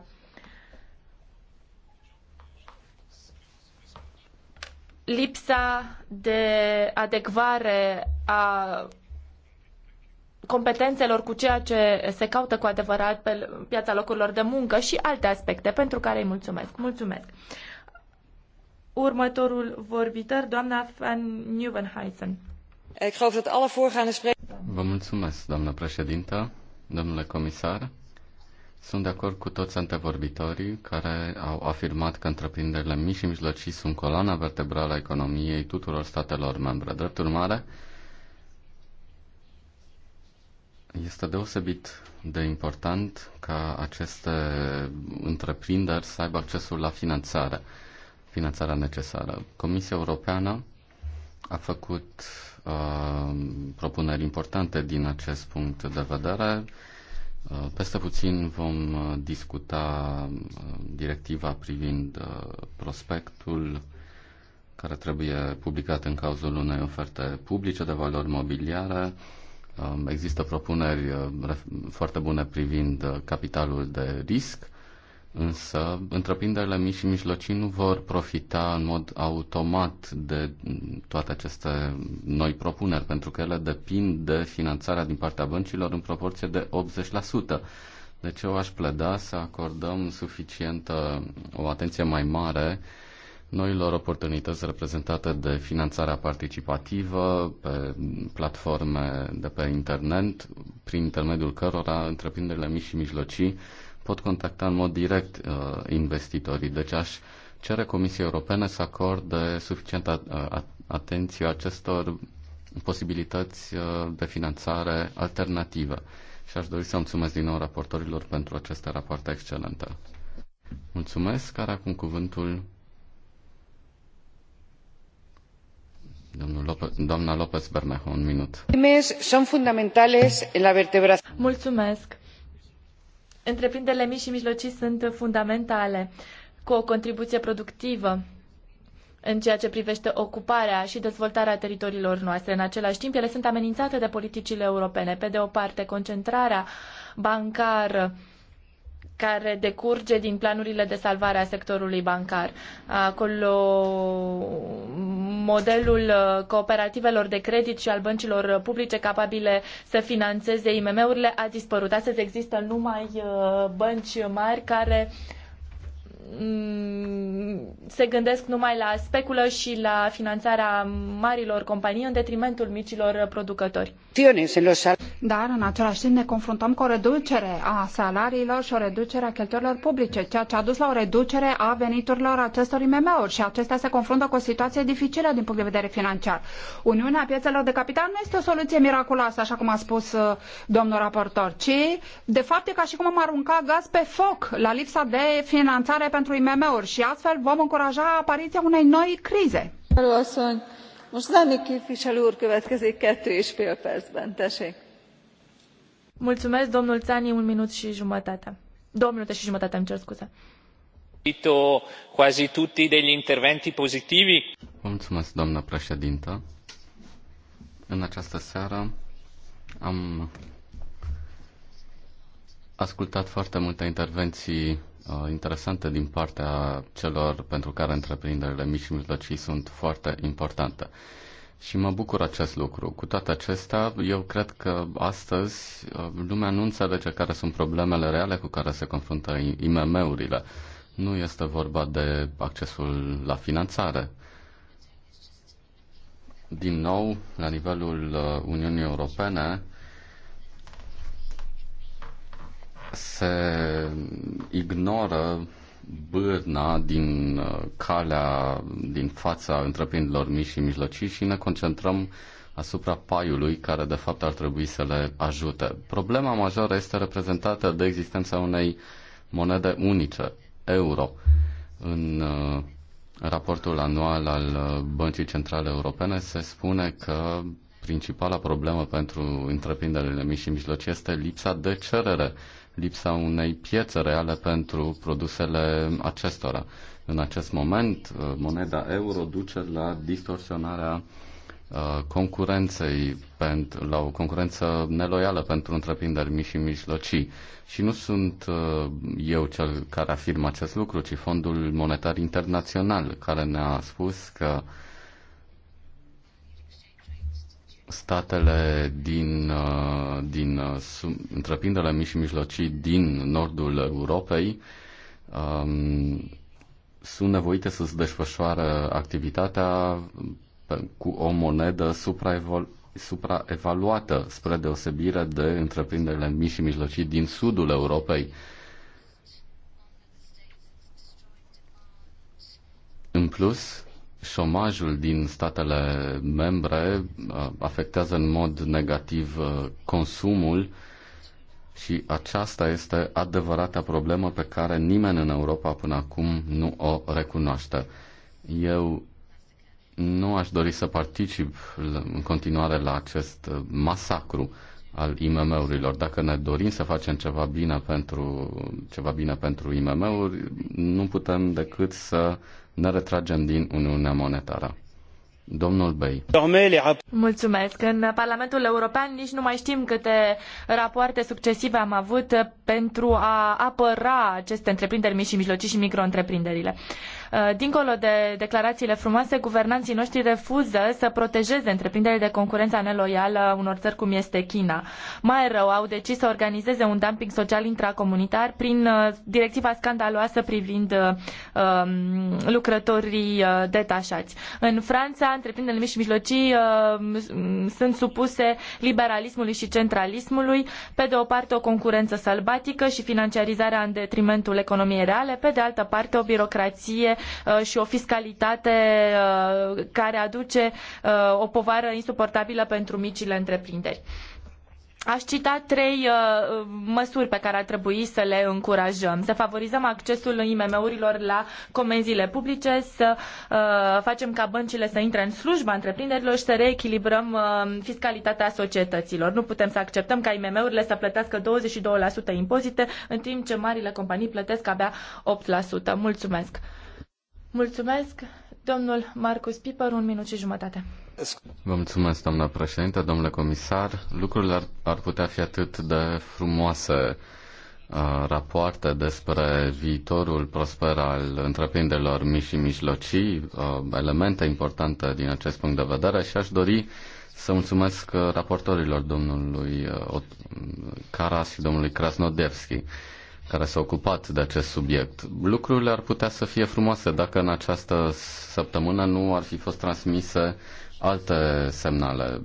Lipsa de adecvare a competențelor cu ceea ce se caută cu adevărat pe piața locurilor de muncă și alte aspecte pentru care îi mulțumesc. Mulțumesc! Următorul vorbitor, doamna Van Nieuwenhuizen. Vă mulțumesc, doamnă președintă, domnule comisar. Sunt de acord cu toți antevorbitorii care au afirmat că întreprinderile mici și mijlocii sunt coloana vertebrală a economiei tuturor statelor membre. Drept urmare, este deosebit de important ca aceste întreprinderi să aibă accesul la finanțare, finanțarea necesară. Comisia Europeană a făcut uh, propuneri importante din acest punct de vedere. Uh, peste puțin vom discuta uh, directiva privind uh, prospectul care trebuie publicat în cazul unei oferte publice de valori mobiliare. Uh, Um, există propuneri uh, foarte bune privind uh, capitalul de risc, însă întreprinderile mici și mijlocii nu vor profita în mod automat de mm, toate aceste noi propuneri, pentru că ele depind de finanțarea din partea băncilor în proporție de 80%. Deci eu aș pleda să acordăm suficientă o atenție mai mare uh, noilor oportunități reprezentate de finanțarea participativă pe platforme de pe internet, prin intermediul cărora întreprinderile mici și mijlocii pot contacta în mod direct uh, investitorii. Deci aș cere Comisiei Europene să acorde suficientă uh, atenție acestor posibilități uh, de finanțare alternativă. Și aș dori să mulțumesc din nou raportorilor pentru aceste rapoarte excelente. Mulțumesc, care acum cuvântul López Bermejo, un minut. Sunt fundamentale în la Mulțumesc. Întreprinderile mici și mijlocii sunt fundamentale, cu o contribuție productivă în ceea ce privește ocuparea și dezvoltarea teritoriilor noastre. În același timp, ele sunt amenințate de politicile europene. Pe de o parte, concentrarea bancară care decurge din planurile de salvare a sectorului bancar. Acolo modelul uh, cooperativelor de credit și al băncilor publice capabile să financeze IMM-urile a dispărut. Astăzi există numai uh, bănci mari care Mm, se gândesc numai la speculă și la finanțarea marilor companii în detrimentul micilor producători. Dar, în același timp, ne confruntăm cu o reducere a salariilor și o reducere a cheltuielor publice, ceea ce a dus la o reducere a veniturilor acestor IMM-uri și acestea se confruntă cu o situație dificilă din punct de vedere financiar. Uniunea piețelor de capital nu este o soluție miraculoasă, așa cum a spus uh, domnul raportor, ci, de fapt, e ca și cum am arunca gaz pe foc la lipsa de finanțare pentru IMM-uri și astfel vom încuraja apariția unei noi crize. Mulțumesc, domnul Țani, un minut și jumătate. Două minute și jumătate, îmi cer scuze. Quasi tutti degli interventi positivi. Mulțumesc, doamnă președintă. În această seară am ascultat foarte multe intervenții Uh, interesante din partea celor pentru care întreprinderile mici și mijlocii sunt foarte importante. Și mă bucur acest lucru. Cu toate acestea, eu cred că astăzi uh, lumea nu înțelege care sunt problemele reale cu care se confruntă IMM-urile. Nu este vorba de accesul la finanțare. Din nou, la nivelul uh, Uniunii Europene, se ignoră bârna din uh, calea, din fața întreprinderilor mici și mijlocii și ne concentrăm asupra paiului care de fapt ar trebui să le ajute. Problema majoră este reprezentată de existența unei monede unice, euro. În uh, raportul anual al uh, Băncii Centrale Europene se spune că principala problemă pentru întreprinderile mici și mijlocii este lipsa de cerere lipsa unei piețe reale pentru produsele acestora. În acest moment, uh, moneda euro duce la distorsionarea uh, concurenței, la o concurență neloială pentru întreprinderi mici și mijlocii. Și nu sunt uh, eu cel care afirmă acest lucru, ci Fondul Monetar Internațional, care ne-a spus că uh, statele din, uh, din uh, întreprinderile mici și mijlocii din nordul Europei um, sunt nevoite să-ți desfășoare activitatea cu o monedă supraevaluată, spre deosebire de întreprinderile mici și mijlocii din sudul Europei. În plus, șomajul din statele membre uh, afectează în mod negativ uh, consumul și aceasta este adevărata problemă pe care nimeni în Europa până acum nu o recunoaște. Eu nu aș dori să particip în continuare la acest uh, masacru al IMM-urilor. Dacă ne dorim să facem ceva bine pentru, ceva bine pentru IMM-uri, nu putem decât să ne retragem din Uniunea Monetară. Domnul Bey. Mulțumesc. În Parlamentul European nici nu mai știm câte rapoarte succesive am avut pentru a apăra aceste întreprinderi mici și mijlocii și micro-întreprinderile. Uh, dincolo de declarațiile frumoase, guvernanții noștri refuză să protejeze întreprinderile de concurența neloială unor țări cum este China. Mai rău, au decis să organizeze un dumping social intracomunitar prin uh, directiva scandaloasă privind uh, um, lucrătorii uh, detașați. În Franța, întreprinderile mici și mijlocii sunt supuse liberalismului și centralismului, pe de o parte o concurență sălbatică și financiarizarea în detrimentul economiei reale, pe de altă parte o birocrație Uh, și o fiscalitate uh, care aduce uh, o povară insuportabilă pentru micile întreprinderi. Aș cita trei uh, măsuri pe care ar trebui să le încurajăm. Să favorizăm accesul IMM-urilor la comenzile publice, să uh, facem ca băncile să intre în slujba întreprinderilor și să reechilibrăm uh, fiscalitatea societăților. Nu putem să acceptăm ca IMM-urile să plătească 22% impozite, în timp ce marile companii plătesc abia 8%. Mulțumesc! Mulțumesc, domnul Marcus Piper, un minut și jumătate. Vă mulțumesc, doamna președinte, domnule comisar. Lucrurile ar, ar putea fi atât de frumoase uh, rapoarte despre viitorul prosper al întreprinderilor mici și mijlocii, uh, elemente importante din acest punct de vedere și aș dori să mulțumesc uh, raportorilor domnului Caras și domnului Krasnodevski care s-a ocupat de acest subiect. Lucrurile ar putea să fie frumoase dacă în această săptămână nu ar fi fost transmise alte semnale.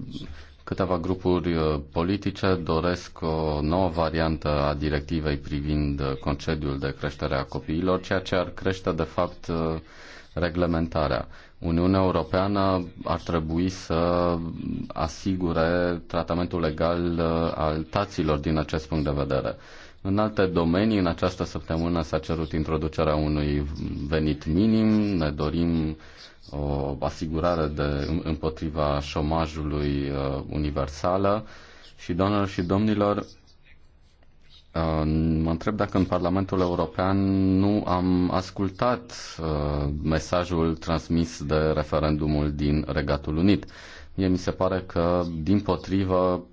Câteva grupuri uh, politice doresc o nouă variantă a directivei privind concediul de creștere a copiilor, ceea ce ar crește, de fapt, uh, reglementarea. Uniunea Europeană ar trebui să asigure tratamentul legal uh, al taților din acest punct de vedere. În alte domenii, în această săptămână s-a cerut introducerea unui venit minim, ne dorim o asigurare de, împotriva șomajului uh, universală și, doamnelor și domnilor, uh, Mă întreb dacă în Parlamentul European nu am ascultat uh, mesajul transmis de referendumul din Regatul Unit. Mie mi se pare că, din potrivă,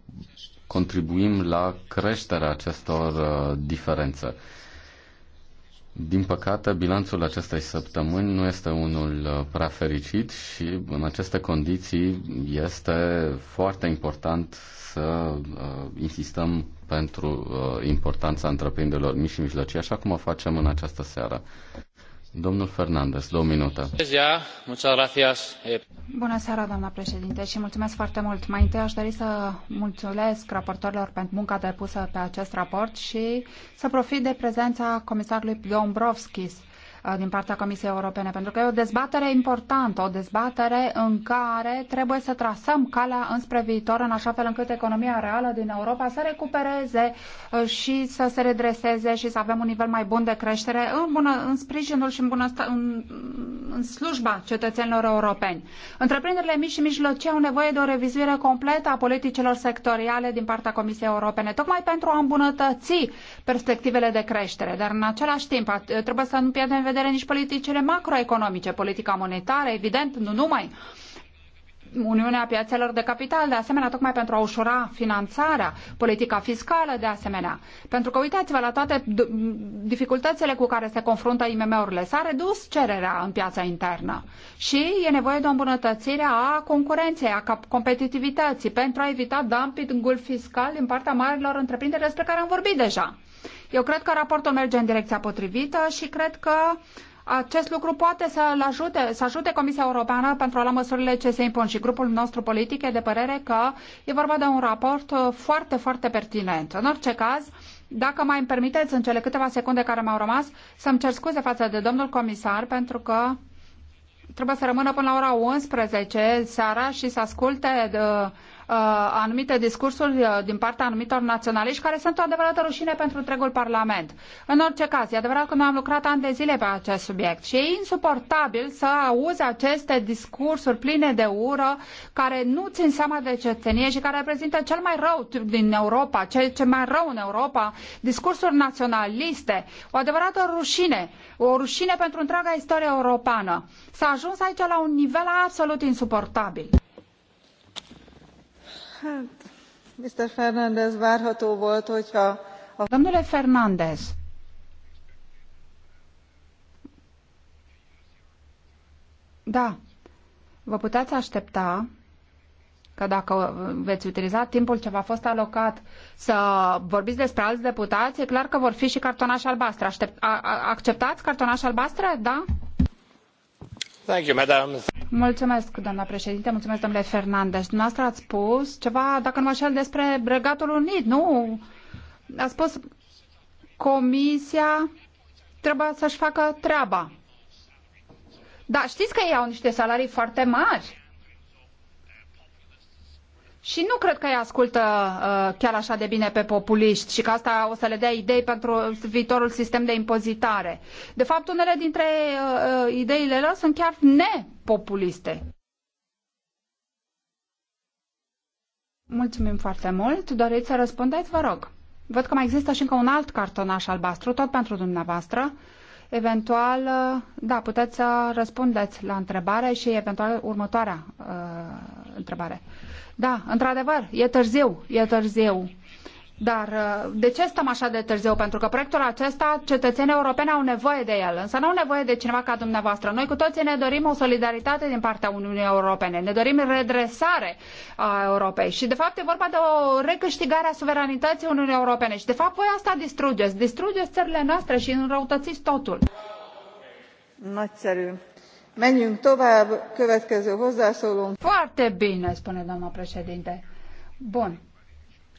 contribuim la creșterea acestor uh, diferențe. Din păcate, bilanțul acestei săptămâni nu este unul uh, prea fericit și în aceste condiții este foarte important să uh, insistăm pentru uh, importanța întreprinderilor mici și mijlocii, așa cum o facem în această seară. Domnul Fernandez, două minute. Eh, Bună seara, doamna președinte, și mulțumesc foarte mult. Mai întâi aș dori să mulțumesc raportorilor pentru munca depusă pe acest raport și să profit de prezența comisarului Dombrovskis Uh, din partea Comisiei Europene, pentru că e o dezbatere importantă, o dezbatere în care trebuie să trasăm calea înspre viitor, în așa fel încât economia reală din Europa să recupereze uh, și să se redreseze și să avem un nivel mai bun de creștere în, bună, în sprijinul și în, bună, în, în slujba cetățenilor europeni. Întreprinderile mici și mijlocii au nevoie de o revizuire completă a politicilor sectoriale din partea Comisiei Europene, tocmai pentru a îmbunătăți perspectivele de creștere, dar în același timp trebuie să nu pierdem vedere vedere nici politicile macroeconomice, politica monetară, evident, nu numai. Uniunea Piațelor de Capital, de asemenea, tocmai pentru a ușura finanțarea, politica fiscală, de asemenea. Pentru că uitați-vă la toate dificultățile cu care se confruntă IMM-urile. S-a redus cererea în piața internă și e nevoie de o îmbunătățire a concurenței, a competitivității, pentru a evita dumpingul fiscal din partea marilor întreprinderi despre care am vorbit deja. Eu cred că raportul merge în direcția potrivită și cred că acest lucru poate să ajute, să ajute Comisia Europeană pentru a lua măsurile ce se impun și grupul nostru politic e de părere că e vorba de un raport uh, foarte, foarte pertinent. În orice caz, dacă mai îmi permiteți, în cele câteva secunde care m-au rămas, să-mi cer scuze față de domnul comisar pentru că trebuie să rămână până la ora 11 seara și să asculte de, uh, Uh, anumite discursuri uh, din partea anumitor naționaliști care sunt o adevărată rușine pentru întregul Parlament. În orice caz, e adevărat că noi am lucrat ani de zile pe acest subiect și e insuportabil să auzi aceste discursuri pline de ură care nu țin seama de cetățenie și care reprezintă cel mai rău din Europa, cel ce mai rău în Europa, discursuri naționaliste, o adevărată rușine, o rușine pentru întreaga istorie europeană. S-a ajuns aici la un nivel absolut insuportabil. Domnule Fernandez, Da. Vă puteți aștepta că dacă veți utiliza timpul ce v-a fost alocat să vorbiți despre alți deputați, e clar că vor fi și cartonașe albastre. Aștept, a, a, acceptați cartonașe albastre? Da? Mulțumesc, doamna președinte, mulțumesc, domnule Fernandez. Dumneavoastră ați spus ceva, dacă nu mă înșel, despre Regatul Unit, nu? A spus Comisia trebuie să-și facă treaba. Dar știți că ei au niște salarii foarte mari. Și nu cred că îi ascultă uh, chiar așa de bine pe populiști și că asta o să le dea idei pentru viitorul sistem de impozitare. De fapt, unele dintre uh, uh ideile lor sunt chiar nepopuliste. Mulțumim foarte mult. Doriți să răspundeți? Vă rog. Văd că mai există și încă un alt cartonaș albastru, tot pentru dumneavoastră. Eventual, uh, da, puteți să răspundeți la întrebare și eventual următoarea uh, întrebare. Da, într-adevăr, e târziu, e târziu. Dar uh, de ce stăm așa de târziu? Pentru că proiectul acesta, cetățenii europeni au nevoie de el, însă nu au nevoie de cineva ca dumneavoastră. Noi cu toții ne dorim o solidaritate din partea Uniunii Europene, ne dorim redresare a Europei și de fapt e vorba de o recâștigare a suveranității Uniunii Europene și de fapt voi asta distrugeți, distrugeți țările noastre și înrăutățiți totul. Nagyszerű. Foarte bine, spune doamna președinte. Bun.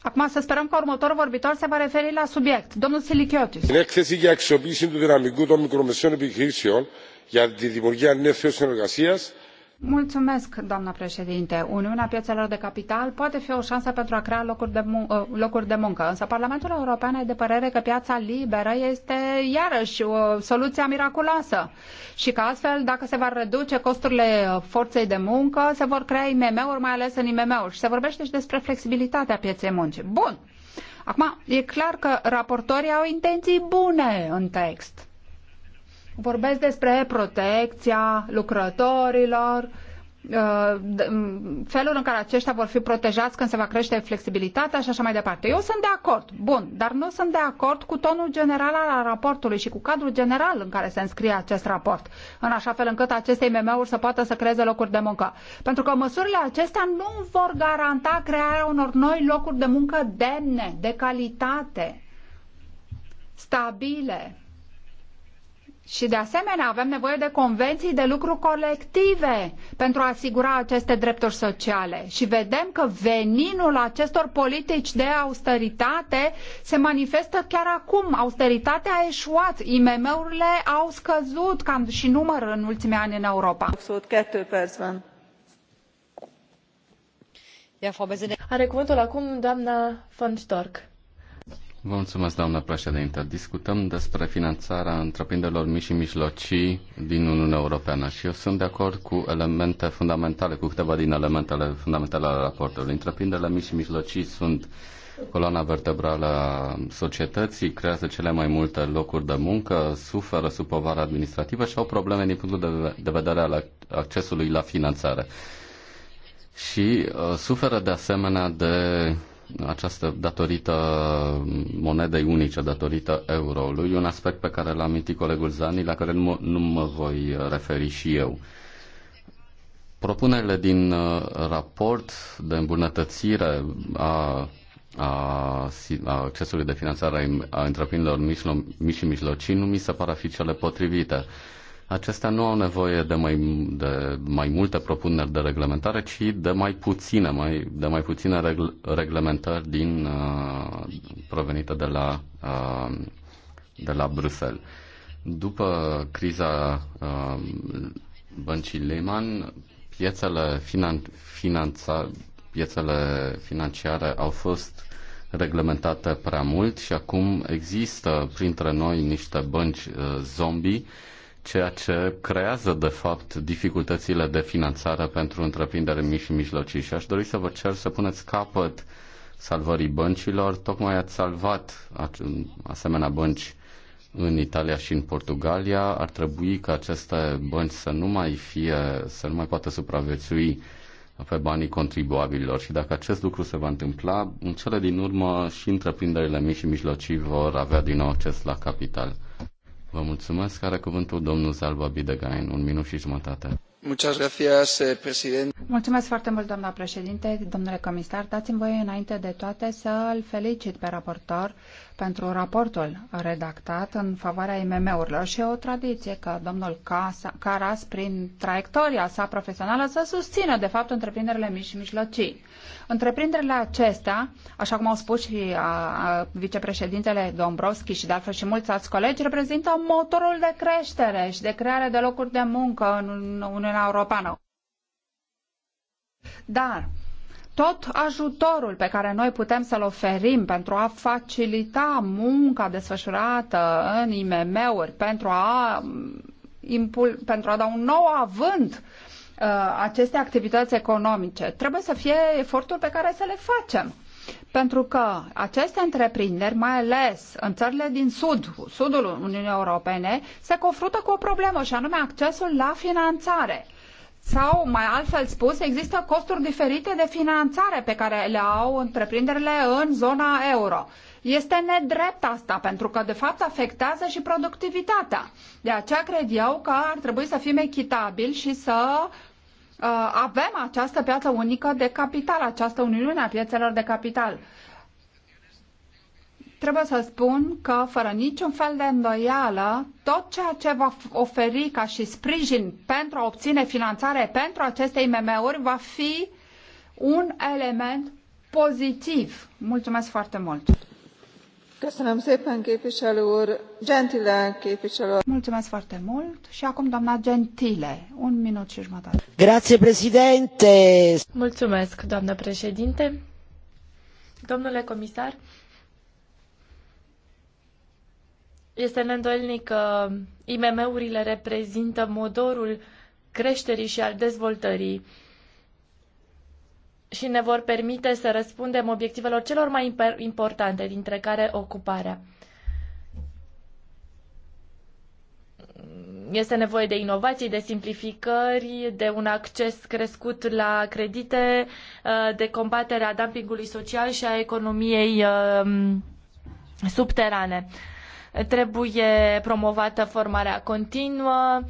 Acum să sperăm că următorul vorbitor se va referi la subiect. Domnul Silichiotis. În excesi de axiobisim de dinamicul domnului comisiunii de hirșion, iar de divorgia nefiosenergasias, Mulțumesc, doamna președinte. Uniunea piețelor de capital poate fi o șansă pentru a crea locuri de, mun- uh, locuri de muncă, însă Parlamentul European e de părere că piața liberă este iarăși o uh, soluție miraculoasă și că astfel, dacă se va reduce costurile forței de muncă, se vor crea IMM-uri, mai ales în IMM-uri și se vorbește și despre flexibilitatea pieței muncii. Bun! Acum, e clar că raportorii au intenții bune în text Vorbesc despre protecția lucrătorilor, uh, felul în care aceștia vor fi protejați când se va crește flexibilitatea și așa mai departe. Eu sunt de acord, bun, dar nu sunt de acord cu tonul general al raportului și cu cadrul general în care se înscrie acest raport, în așa fel încât aceste IMM-uri să poată să creeze locuri de muncă. Pentru că măsurile acestea nu vor garanta crearea unor noi locuri de muncă demne, de calitate, stabile, și de asemenea avem nevoie de convenții de lucru colective pentru a asigura aceste drepturi sociale. Și vedem că veninul acestor politici de austeritate se manifestă chiar acum. Austeritatea a eșuat, IMM-urile au scăzut cam și număr în ultimii ani în Europa. Are cuvântul acum doamna von Stork. Vă mulțumesc, doamnă președinte. Discutăm despre finanțarea întreprinderilor mici și mijlocii din Uniunea Europeană și eu sunt de acord cu elemente fundamentale, cu câteva din elementele fundamentale ale raportului. Întreprinderile mici și mijlocii sunt coloana vertebrală a societății, creează cele mai multe locuri de muncă, suferă sub povară administrativă și au probleme din punctul de vedere al accesului la finanțare. Și uh, suferă de asemenea de această datorită monedei unice, datorită euroului, un aspect pe care l-a amintit colegul Zani, la care nu mă, nu mă voi referi și eu. Propunerile din uh, raport de îmbunătățire a, a, a accesului de finanțare a întreprinderilor mici, mici și mijlocii nu mi se par a fi cele potrivite. Uh, acestea nu au nevoie de mai, de mai multe propuneri de reglementare, ci de mai puține, mai, de mai puține regl, reglementări din, uh, provenite de la, uh, de la Bruxelles. După criza uh, băncii Lehman, piețele, finan- finanța, piețele financiare au fost reglementate prea mult și acum există printre noi niște bănci uh, zombie ceea ce creează, de fapt, dificultățile de finanțare pentru întreprinderi mici și mijlocii. Și aș dori să vă cer să puneți capăt salvării băncilor. Tocmai ați salvat asemenea bănci în Italia și în Portugalia. Ar trebui ca aceste bănci să nu mai fie, să nu mai poată supraviețui pe banii contribuabililor și dacă acest lucru se va întâmpla, în cele din urmă și întreprinderile mici și mijlocii vor avea din nou acces la capital. Vă mulțumesc. Are cuvântul domnul Salva Bidegain. Un minut și jumătate. Eh, mulțumesc foarte mult, doamna președinte, domnule comisar. Dați-mi voie înainte de toate să îl felicit pe raportor pentru raportul redactat în favoarea IMM-urilor și o tradiție că domnul Caras, prin traiectoria sa profesională, să susțină, de fapt, întreprinderile mici și mijlocii. Întreprinderile acestea, așa cum au spus și a, a, vicepreședintele Dombrovski și de altfel și mulți alți colegi, reprezintă motorul de creștere și de creare de locuri de muncă în Uniunea Europeană. Dar tot ajutorul pe care noi putem să-l oferim pentru a facilita munca desfășurată în IMM-uri, pentru a, pentru a da un nou avânt Uh, aceste activități economice. Trebuie să fie efortul pe care să le facem. Pentru că aceste întreprinderi, mai ales în țările din sud, sudul Uniunii Europene, se confruntă cu o problemă și anume accesul la finanțare. Sau, mai altfel spus, există costuri diferite de finanțare pe care le au întreprinderile în zona euro. Este nedrept asta, pentru că, de fapt, afectează și productivitatea. De aceea cred eu că ar trebui să fim echitabili și să uh, Uh, avem această piață unică de capital, această uniune a piețelor de capital. Trebuie să spun că, fără niciun fel de îndoială, tot ceea ce va oferi ca și sprijin pentru a obține finanțare pentru aceste IMM-uri va fi un element pozitiv. Mulțumesc foarte mult! Mulțumesc foarte mult. Și acum doamna Gentile, un minut și jumătate. Grazie, președinte. Mulțumesc, doamnă președinte. Domnule comisar, este neîndoielnic că IMM-urile reprezintă motorul creșterii și al dezvoltării și ne vor permite să răspundem obiectivelor celor mai importante, dintre care ocuparea. Este nevoie de inovații, de simplificări, de un acces crescut la credite, uh, de combaterea dumpingului social și a economiei um, subterane. Trebuie promovată formarea continuă,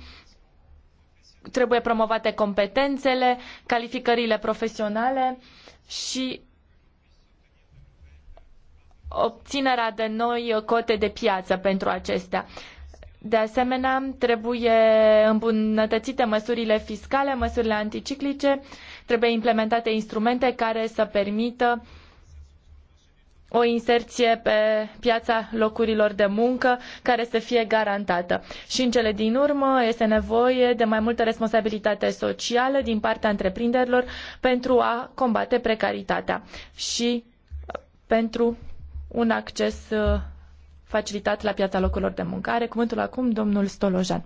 trebuie promovate competențele, calificările profesionale și obținerea de noi cote de piață pentru acestea. De asemenea, trebuie îmbunătățite măsurile fiscale, măsurile anticiclice, trebuie implementate instrumente care să permită o inserție pe piața locurilor de muncă care să fie garantată. Și în cele din urmă este nevoie de mai multă responsabilitate socială din partea întreprinderilor pentru a combate precaritatea și uh, pentru un acces uh, facilitat la piața locurilor de muncă. Are cuvântul acum domnul Stolojan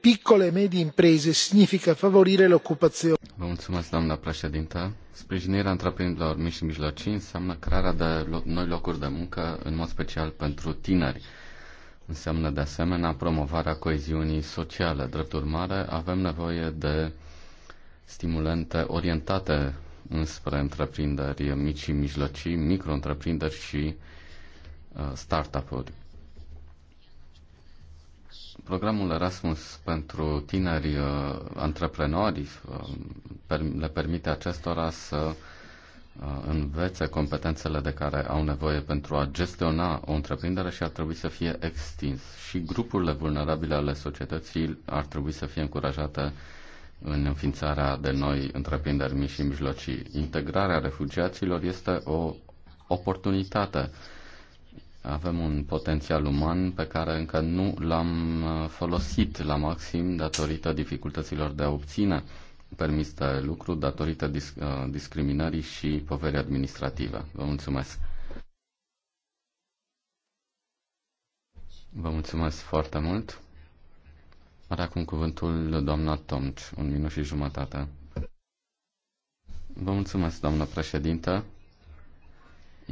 piccole e medie imprese significa favorire l'occupazione. Vă mulțumesc, doamna președintă. Sprijinirea întreprinderilor mici și mijlocii înseamnă crearea de noi locuri de muncă, în mod special pentru tineri. Înseamnă de asemenea promovarea coeziunii sociale. Drept urmare, avem nevoie de stimulente orientate înspre întreprinderi mici și mijlocii, micro-întreprinderi și uh, up uri Programul Erasmus pentru tineri uh, antreprenori uh, le permite acestora să uh, învețe competențele de care au nevoie pentru a gestiona o întreprindere și ar trebui să fie extins. Și grupurile vulnerabile ale societății ar trebui să fie încurajate în înființarea de noi întreprinderi mici și mijlocii. Integrarea refugiaților este o oportunitate avem un potențial uman pe care încă nu l-am uh, folosit la maxim datorită dificultăților de a obține permis de lucru, datorită dis- uh, discriminării și poverii administrative. Vă mulțumesc! Vă mulțumesc foarte mult! Are acum cuvântul doamna Tomci, un minut și jumătate. Vă mulțumesc, doamnă președintă.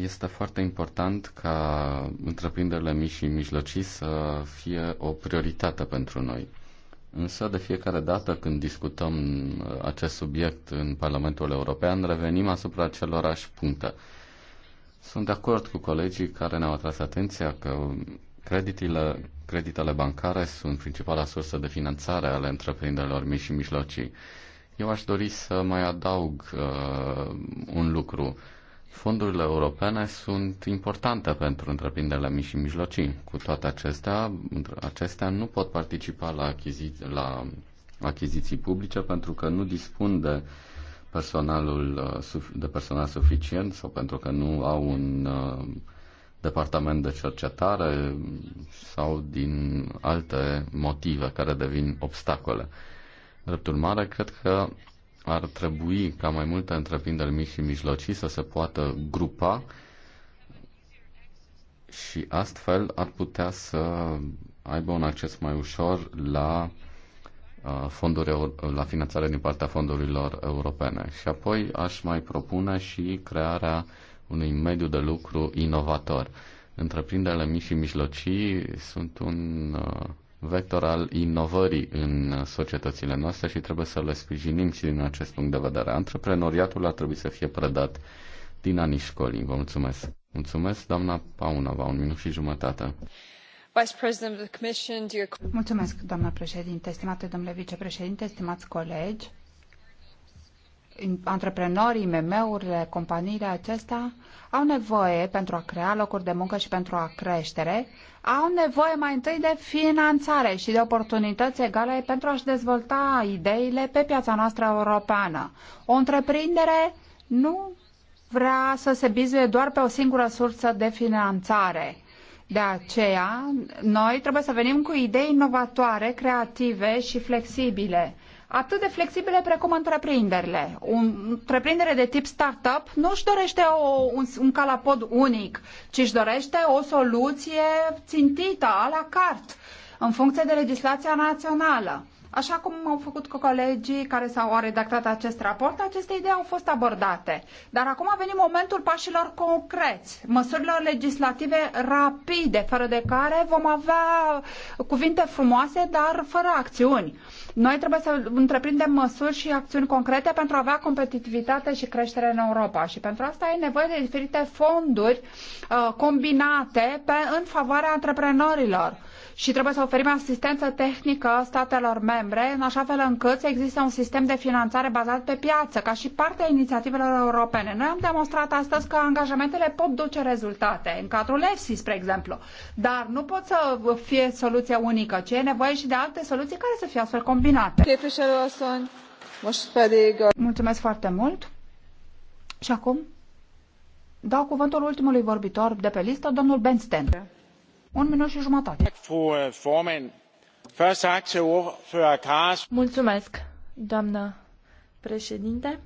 Este foarte important ca întreprinderile mici și mijlocii să fie o prioritate pentru noi. Însă, de fiecare dată când discutăm uh, acest subiect în Parlamentul European, revenim asupra acelorași puncte. Sunt de acord cu colegii care ne-au atras atenția că creditile, creditele bancare sunt principala sursă de finanțare ale întreprinderilor mici și mijlocii. Eu aș dori să mai adaug uh, un lucru. Uh, Fondurile europene sunt importante pentru întreprinderile mici și mijlocii. Cu toate acestea, acestea nu pot participa la achiziții, la achiziții publice pentru că nu dispun de personalul uh, de personal suficient sau pentru că nu au un uh, departament de cercetare sau din alte motive care devin obstacole. Drept urmare, cred că ar trebui ca mai multe întreprinderi mici și mijlocii să se poată grupa și astfel ar putea să aibă un acces mai ușor la uh, fonduri, la finanțare din partea fondurilor europene. Și apoi aș mai propune și crearea unui mediu de lucru inovator. Întreprinderile mici și mijlocii sunt un uh, vector al inovării în societățile noastre și trebuie să le sprijinim și din acest punct de vedere. Antreprenoriatul ar trebui să fie predat din anii școlii. Vă mulțumesc. Mulțumesc, doamna Paunova, un minut și jumătate. Mulțumesc, doamna președinte, stimate domnule vicepreședinte, stimați colegi antreprenorii, mm urile companiile acestea au nevoie pentru a crea locuri de muncă și pentru a creștere, au nevoie mai întâi de finanțare și de oportunități egale pentru a-și dezvolta ideile pe piața noastră europeană. O întreprindere nu vrea să se bizuie doar pe o singură sursă de finanțare. De aceea, noi trebuie să venim cu idei inovatoare, creative și flexibile atât de flexibile precum întreprinderile. O întreprindere de tip startup nu își dorește o, un, un calapod unic, ci își dorește o soluție țintită, a la carte, în funcție de legislația națională. Așa cum au făcut cu colegii care s-au redactat acest raport, aceste idei au fost abordate. Dar acum a venit momentul pașilor concreți, măsurilor legislative rapide, fără de care vom avea cuvinte frumoase, dar fără acțiuni. Noi trebuie să întreprindem măsuri și acțiuni concrete pentru a avea competitivitate și creștere în Europa. Și pentru asta e nevoie de diferite fonduri uh, combinate pe, în favoarea antreprenorilor și trebuie să oferim asistență tehnică statelor membre, în așa fel încât să existe un sistem de finanțare bazat pe piață, ca și parte a inițiativelor europene. Noi am demonstrat astăzi că angajamentele pot duce rezultate, în cadrul EFSI, spre exemplu, dar nu pot să fie soluția unică, ci e nevoie și de alte soluții care să fie astfel combinate. Mulțumesc foarte mult. Și acum dau cuvântul ultimului vorbitor de pe listă, domnul Ben Sten. Un minut și jumătate. Øh, mulțumesc, doamnă președinte.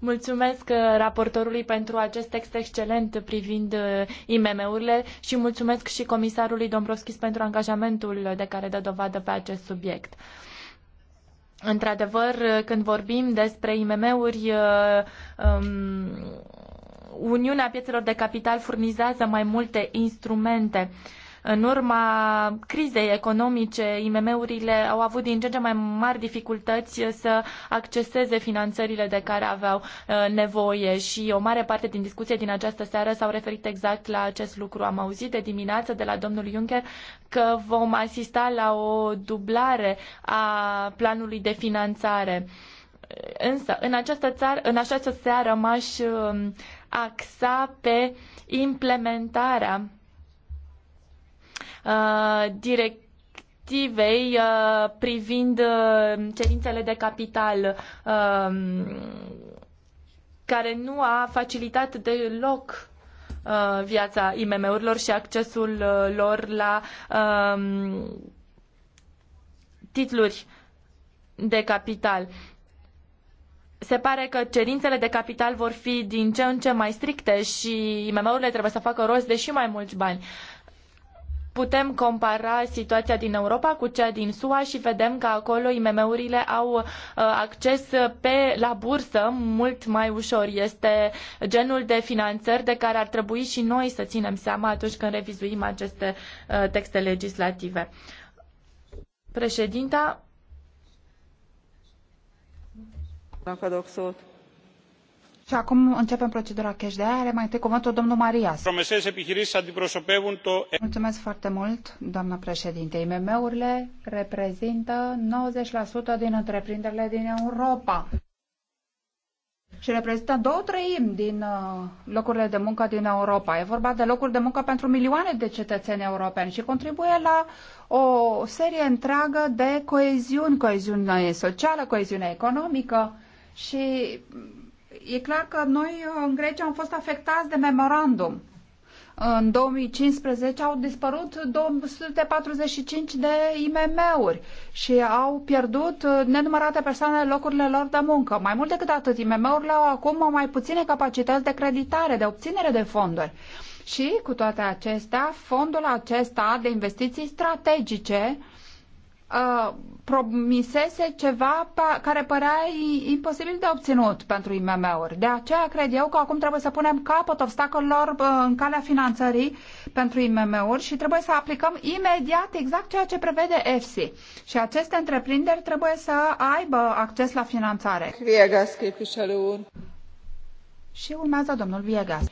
Mulțumesc uh, raportorului pentru acest text excelent privind uh, IMM-urile și mulțumesc și comisarului Dombrovskis pentru angajamentul de care dă dovadă pe acest subiect. Într-adevăr, când vorbim despre IMM-uri, uh, um, Uniunea Piețelor de Capital furnizează mai multe instrumente uh, în urma crizei economice, IMM-urile au avut din ce în ce mai mari dificultăți să acceseze finanțările de care aveau uh, nevoie și o mare parte din discuție din această seară s-au referit exact la acest lucru. Am auzit de dimineață de la domnul Juncker că vom asista la o dublare a planului de finanțare. Însă, în această, țară, în această seară m-aș uh, axa pe implementarea Uh, directivei uh, privind uh, cerințele de capital um, care nu a facilitat deloc viața IMM-urilor și accesul lor la um, titluri de capital. Se pare că cerințele de capital vor fi din ce în ce mai stricte și IMM-urile trebuie să facă rost de și mai mulți bani putem compara situația din Europa cu cea din SUA și vedem că acolo IMM-urile au uh, acces pe, la bursă mult mai ușor. Este genul de finanțări de care ar trebui și noi să ținem seama atunci când revizuim aceste uh, texte legislative. Președinta. Și acum începem procedura cash de are mai întâi cuvântul domnul Marias. Mulțumesc foarte mult, doamnă președinte. IMM-urile reprezintă 90% din întreprinderile din Europa și reprezintă două treimi din uh, locurile de muncă din Europa. E vorba de locuri de muncă pentru milioane de cetățeni europeni și contribuie la o serie întreagă de coeziuni, coeziune socială, coeziune economică și e clar că noi uh, în Grecia am fost afectați de memorandum. În 2015 au dispărut 245 de IMM-uri și au pierdut uh, nenumărate persoane locurile lor de muncă. Mai mult decât atât, IMM-urile au acum mai puține capacități de creditare, de obținere de fonduri. Și, cu toate acestea, fondul acesta de investiții strategice uh, Uh, promisese ceva care părea imposibil de obținut pentru IMM-uri. De aceea cred eu că acum trebuie să punem capăt obstacolelor uh, în calea finanțării pentru IMM-uri și trebuie să aplicăm imediat exact ceea ce prevede EFSI. Și aceste întreprinderi trebuie să aibă acces la finanțare. Viegas, Și urmează domnul Viegas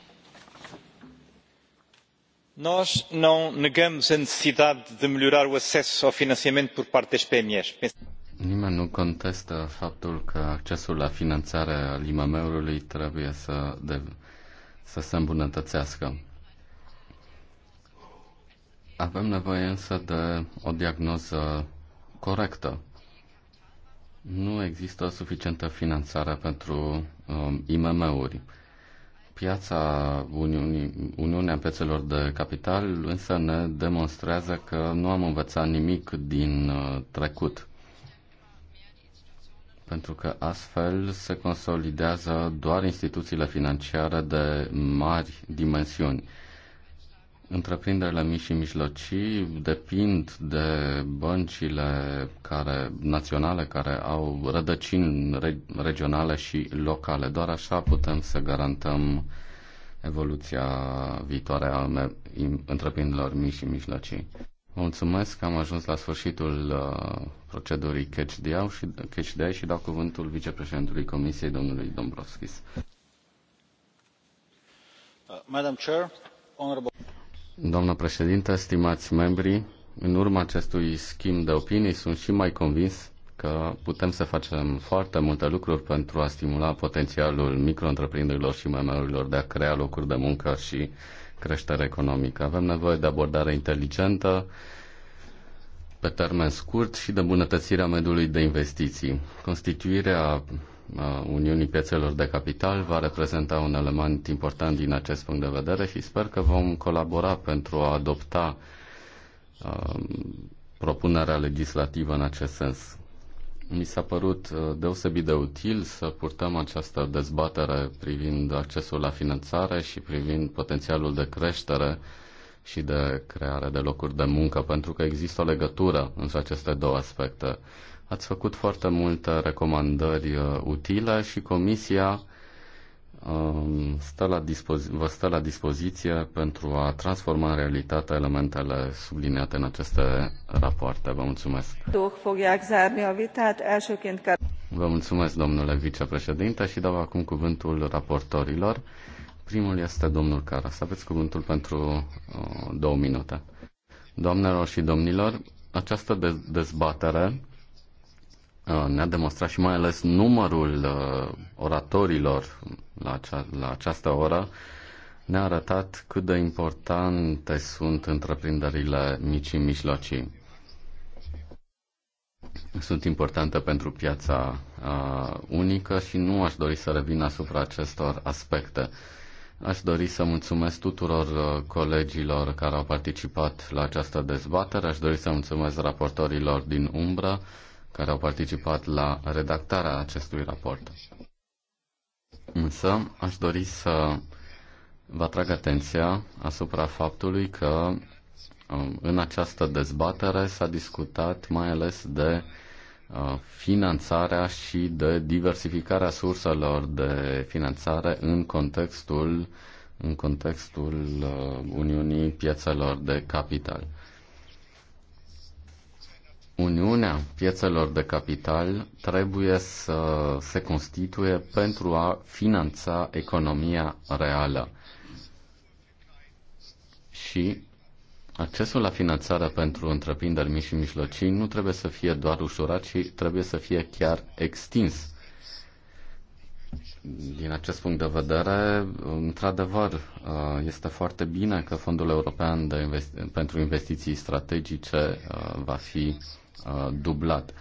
nós não negamos a necessidade de melhorar o acesso ao financiamento por parte das PMEs. Nimeni nu contestă faptul că accesul la finanțare al IMM-ului trebuie să, de, să se îmbunătățească. Avem nevoie însă de o diagnoză corectă. Nu există suficientă finanțare pentru um, IMM-uri. Piața Uniunii, Uniunea Piețelor de Capital însă ne demonstrează că nu am învățat nimic din uh, trecut. Pentru că astfel se consolidează doar instituțiile financiare de mari dimensiuni Întreprinderile mici și mijlocii depind de băncile care, naționale care au rădăcini regionale și locale. Doar așa putem să garantăm evoluția viitoare a întreprinderilor mici și mijlocii. Mulțumesc că am ajuns la sfârșitul uh, procedurii catch the și, și dau cuvântul vicepreședintului Comisiei, domnului Dombrovskis. Uh, Madam Chair, honorable... Doamnă președintă, stimați membri, în urma acestui schimb de opinii sunt și mai convins că putem să facem foarte multe lucruri pentru a stimula potențialul micro-întreprinderilor și memorilor de a crea locuri de muncă și creștere economică. Avem nevoie de abordare inteligentă, pe termen scurt și de bunătățirea mediului de investiții. Constituirea Uh, Uniunii Piețelor de Capital va reprezenta un element important din acest punct de vedere și sper că vom colabora pentru a adopta uh, propunerea legislativă în acest sens. Mi s-a părut uh, deosebit de util să purtăm această dezbatere privind accesul la finanțare și privind potențialul de creștere și de creare de locuri de muncă, pentru că există o legătură între aceste două aspecte. Ați făcut foarte multe recomandări uh, utile și Comisia um, stă la vă stă la dispoziție pentru a transforma în realitate elementele subliniate în aceste rapoarte. Vă mulțumesc. Vă mulțumesc, domnule vicepreședinte, și dau acum cuvântul raportorilor. Primul este domnul Cara. Să Aveți cuvântul pentru uh, două minute. Doamnelor și domnilor, această dezbatere Uh, ne-a demonstrat și mai ales numărul uh, oratorilor la, acea, la această oră, ne-a arătat cât de importante sunt întreprinderile mici și mijlocii. Sunt importante pentru piața uh, unică și nu aș dori să revin asupra acestor aspecte. Aș dori să mulțumesc tuturor uh, colegilor care au participat la această dezbatere, aș dori să mulțumesc raportorilor din umbră, care au participat la redactarea acestui raport. Însă aș dori să vă atrag atenția asupra faptului că um, în această dezbatere s-a discutat mai ales de uh, finanțarea și de diversificarea surselor de finanțare în contextul, în contextul uh, Uniunii Piețelor de Capital. Uniunea piețelor de capital trebuie să se constituie pentru a finanța economia reală. Și accesul la finanțare pentru întreprinderi mici și mijlocii nu trebuie să fie doar ușurat, ci trebuie să fie chiar extins. Din acest punct de vedere, într-adevăr, uh, este foarte bine că Fondul European de Investi- pentru Investiții Strategice uh, va fi Uh, dublat.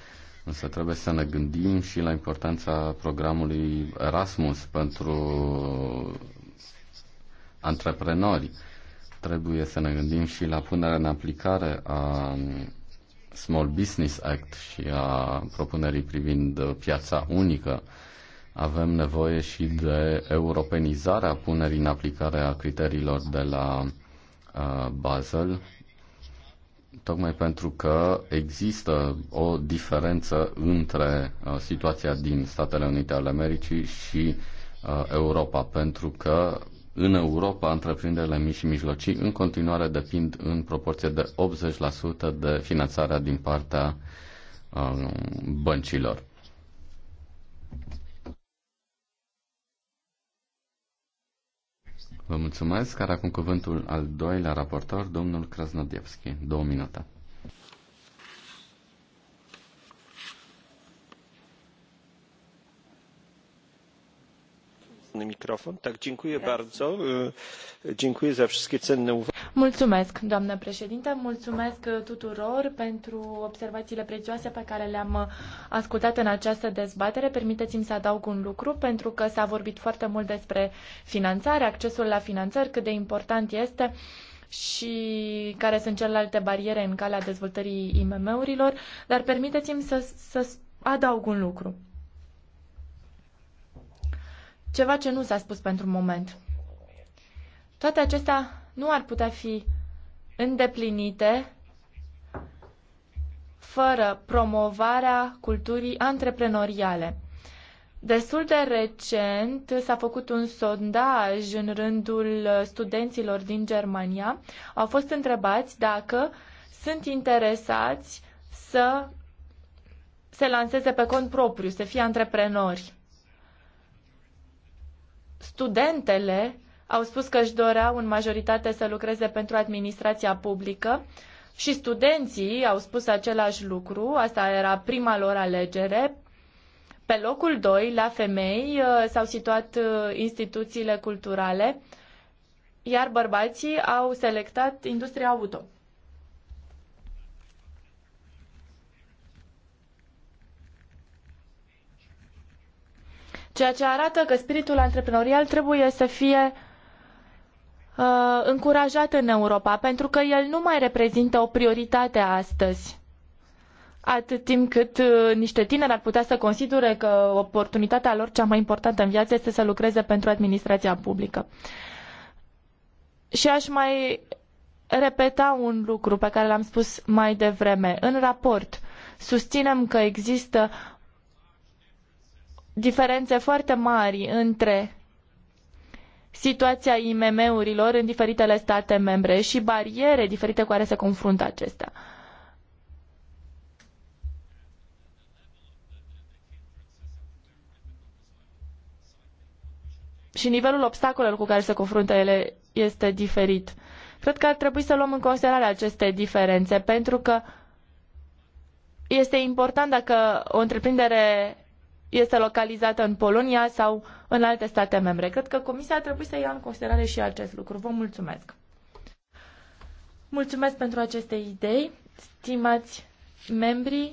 Însă trebuie să ne gândim și la importanța programului Erasmus pentru antreprenori. Trebuie să ne gândim și la punerea în aplicare a um, Small Business Act și a propunerii privind piața unică. Avem nevoie și de europenizarea punerii în aplicare a criteriilor de la uh, Basel tocmai pentru că există o diferență între uh, situația din Statele Unite ale Americii și uh, Europa, pentru că în Europa, întreprinderile mici și mijlocii în continuare depind în proporție de 80% de finanțarea din partea uh, băncilor. Vă mulțumesc. Care acum cuvântul al doilea raportor, domnul Krasnodievski. Două minute. Mulțumesc, doamnă președinte, mulțumesc tuturor pentru observațiile prețioase pe care le-am ascultat în această dezbatere. Permiteți-mi să adaug un lucru, pentru că s-a vorbit foarte mult despre finanțare, accesul la finanțări, cât de important este și care sunt celelalte bariere în calea dezvoltării IMM-urilor, dar permiteți-mi să, să adaug un lucru. Ceva ce nu s-a spus pentru moment. Toate acestea nu ar putea fi îndeplinite fără promovarea culturii antreprenoriale. Destul de recent s-a făcut un sondaj în rândul studenților din Germania. Au fost întrebați dacă sunt interesați să se lanseze pe cont propriu, să fie antreprenori studentele au spus că își doreau în majoritate să lucreze pentru administrația publică și studenții au spus același lucru, asta era prima lor alegere. Pe locul doi, la femei, uh, s-au situat uh, instituțiile culturale, iar bărbații au selectat industria auto. ceea ce arată că spiritul antreprenorial trebuie să fie uh, încurajat în Europa, pentru că el nu mai reprezintă o prioritate astăzi. Atât timp cât uh, niște tineri ar putea să considere că oportunitatea lor cea mai importantă în viață este să lucreze pentru administrația publică. Și aș mai repeta un lucru pe care l-am spus mai devreme. În raport susținem că există diferențe foarte mari între situația IMM-urilor în diferitele state membre și bariere diferite cu care se confruntă acestea. Și nivelul obstacolelor cu care se confruntă ele este diferit. Cred că ar trebui să luăm în considerare aceste diferențe, pentru că este important dacă o întreprindere este localizată în Polonia sau în alte state membre. Cred că Comisia ar trebui să ia în considerare și acest lucru. Vă mulțumesc! Mulțumesc pentru aceste idei, stimați membri.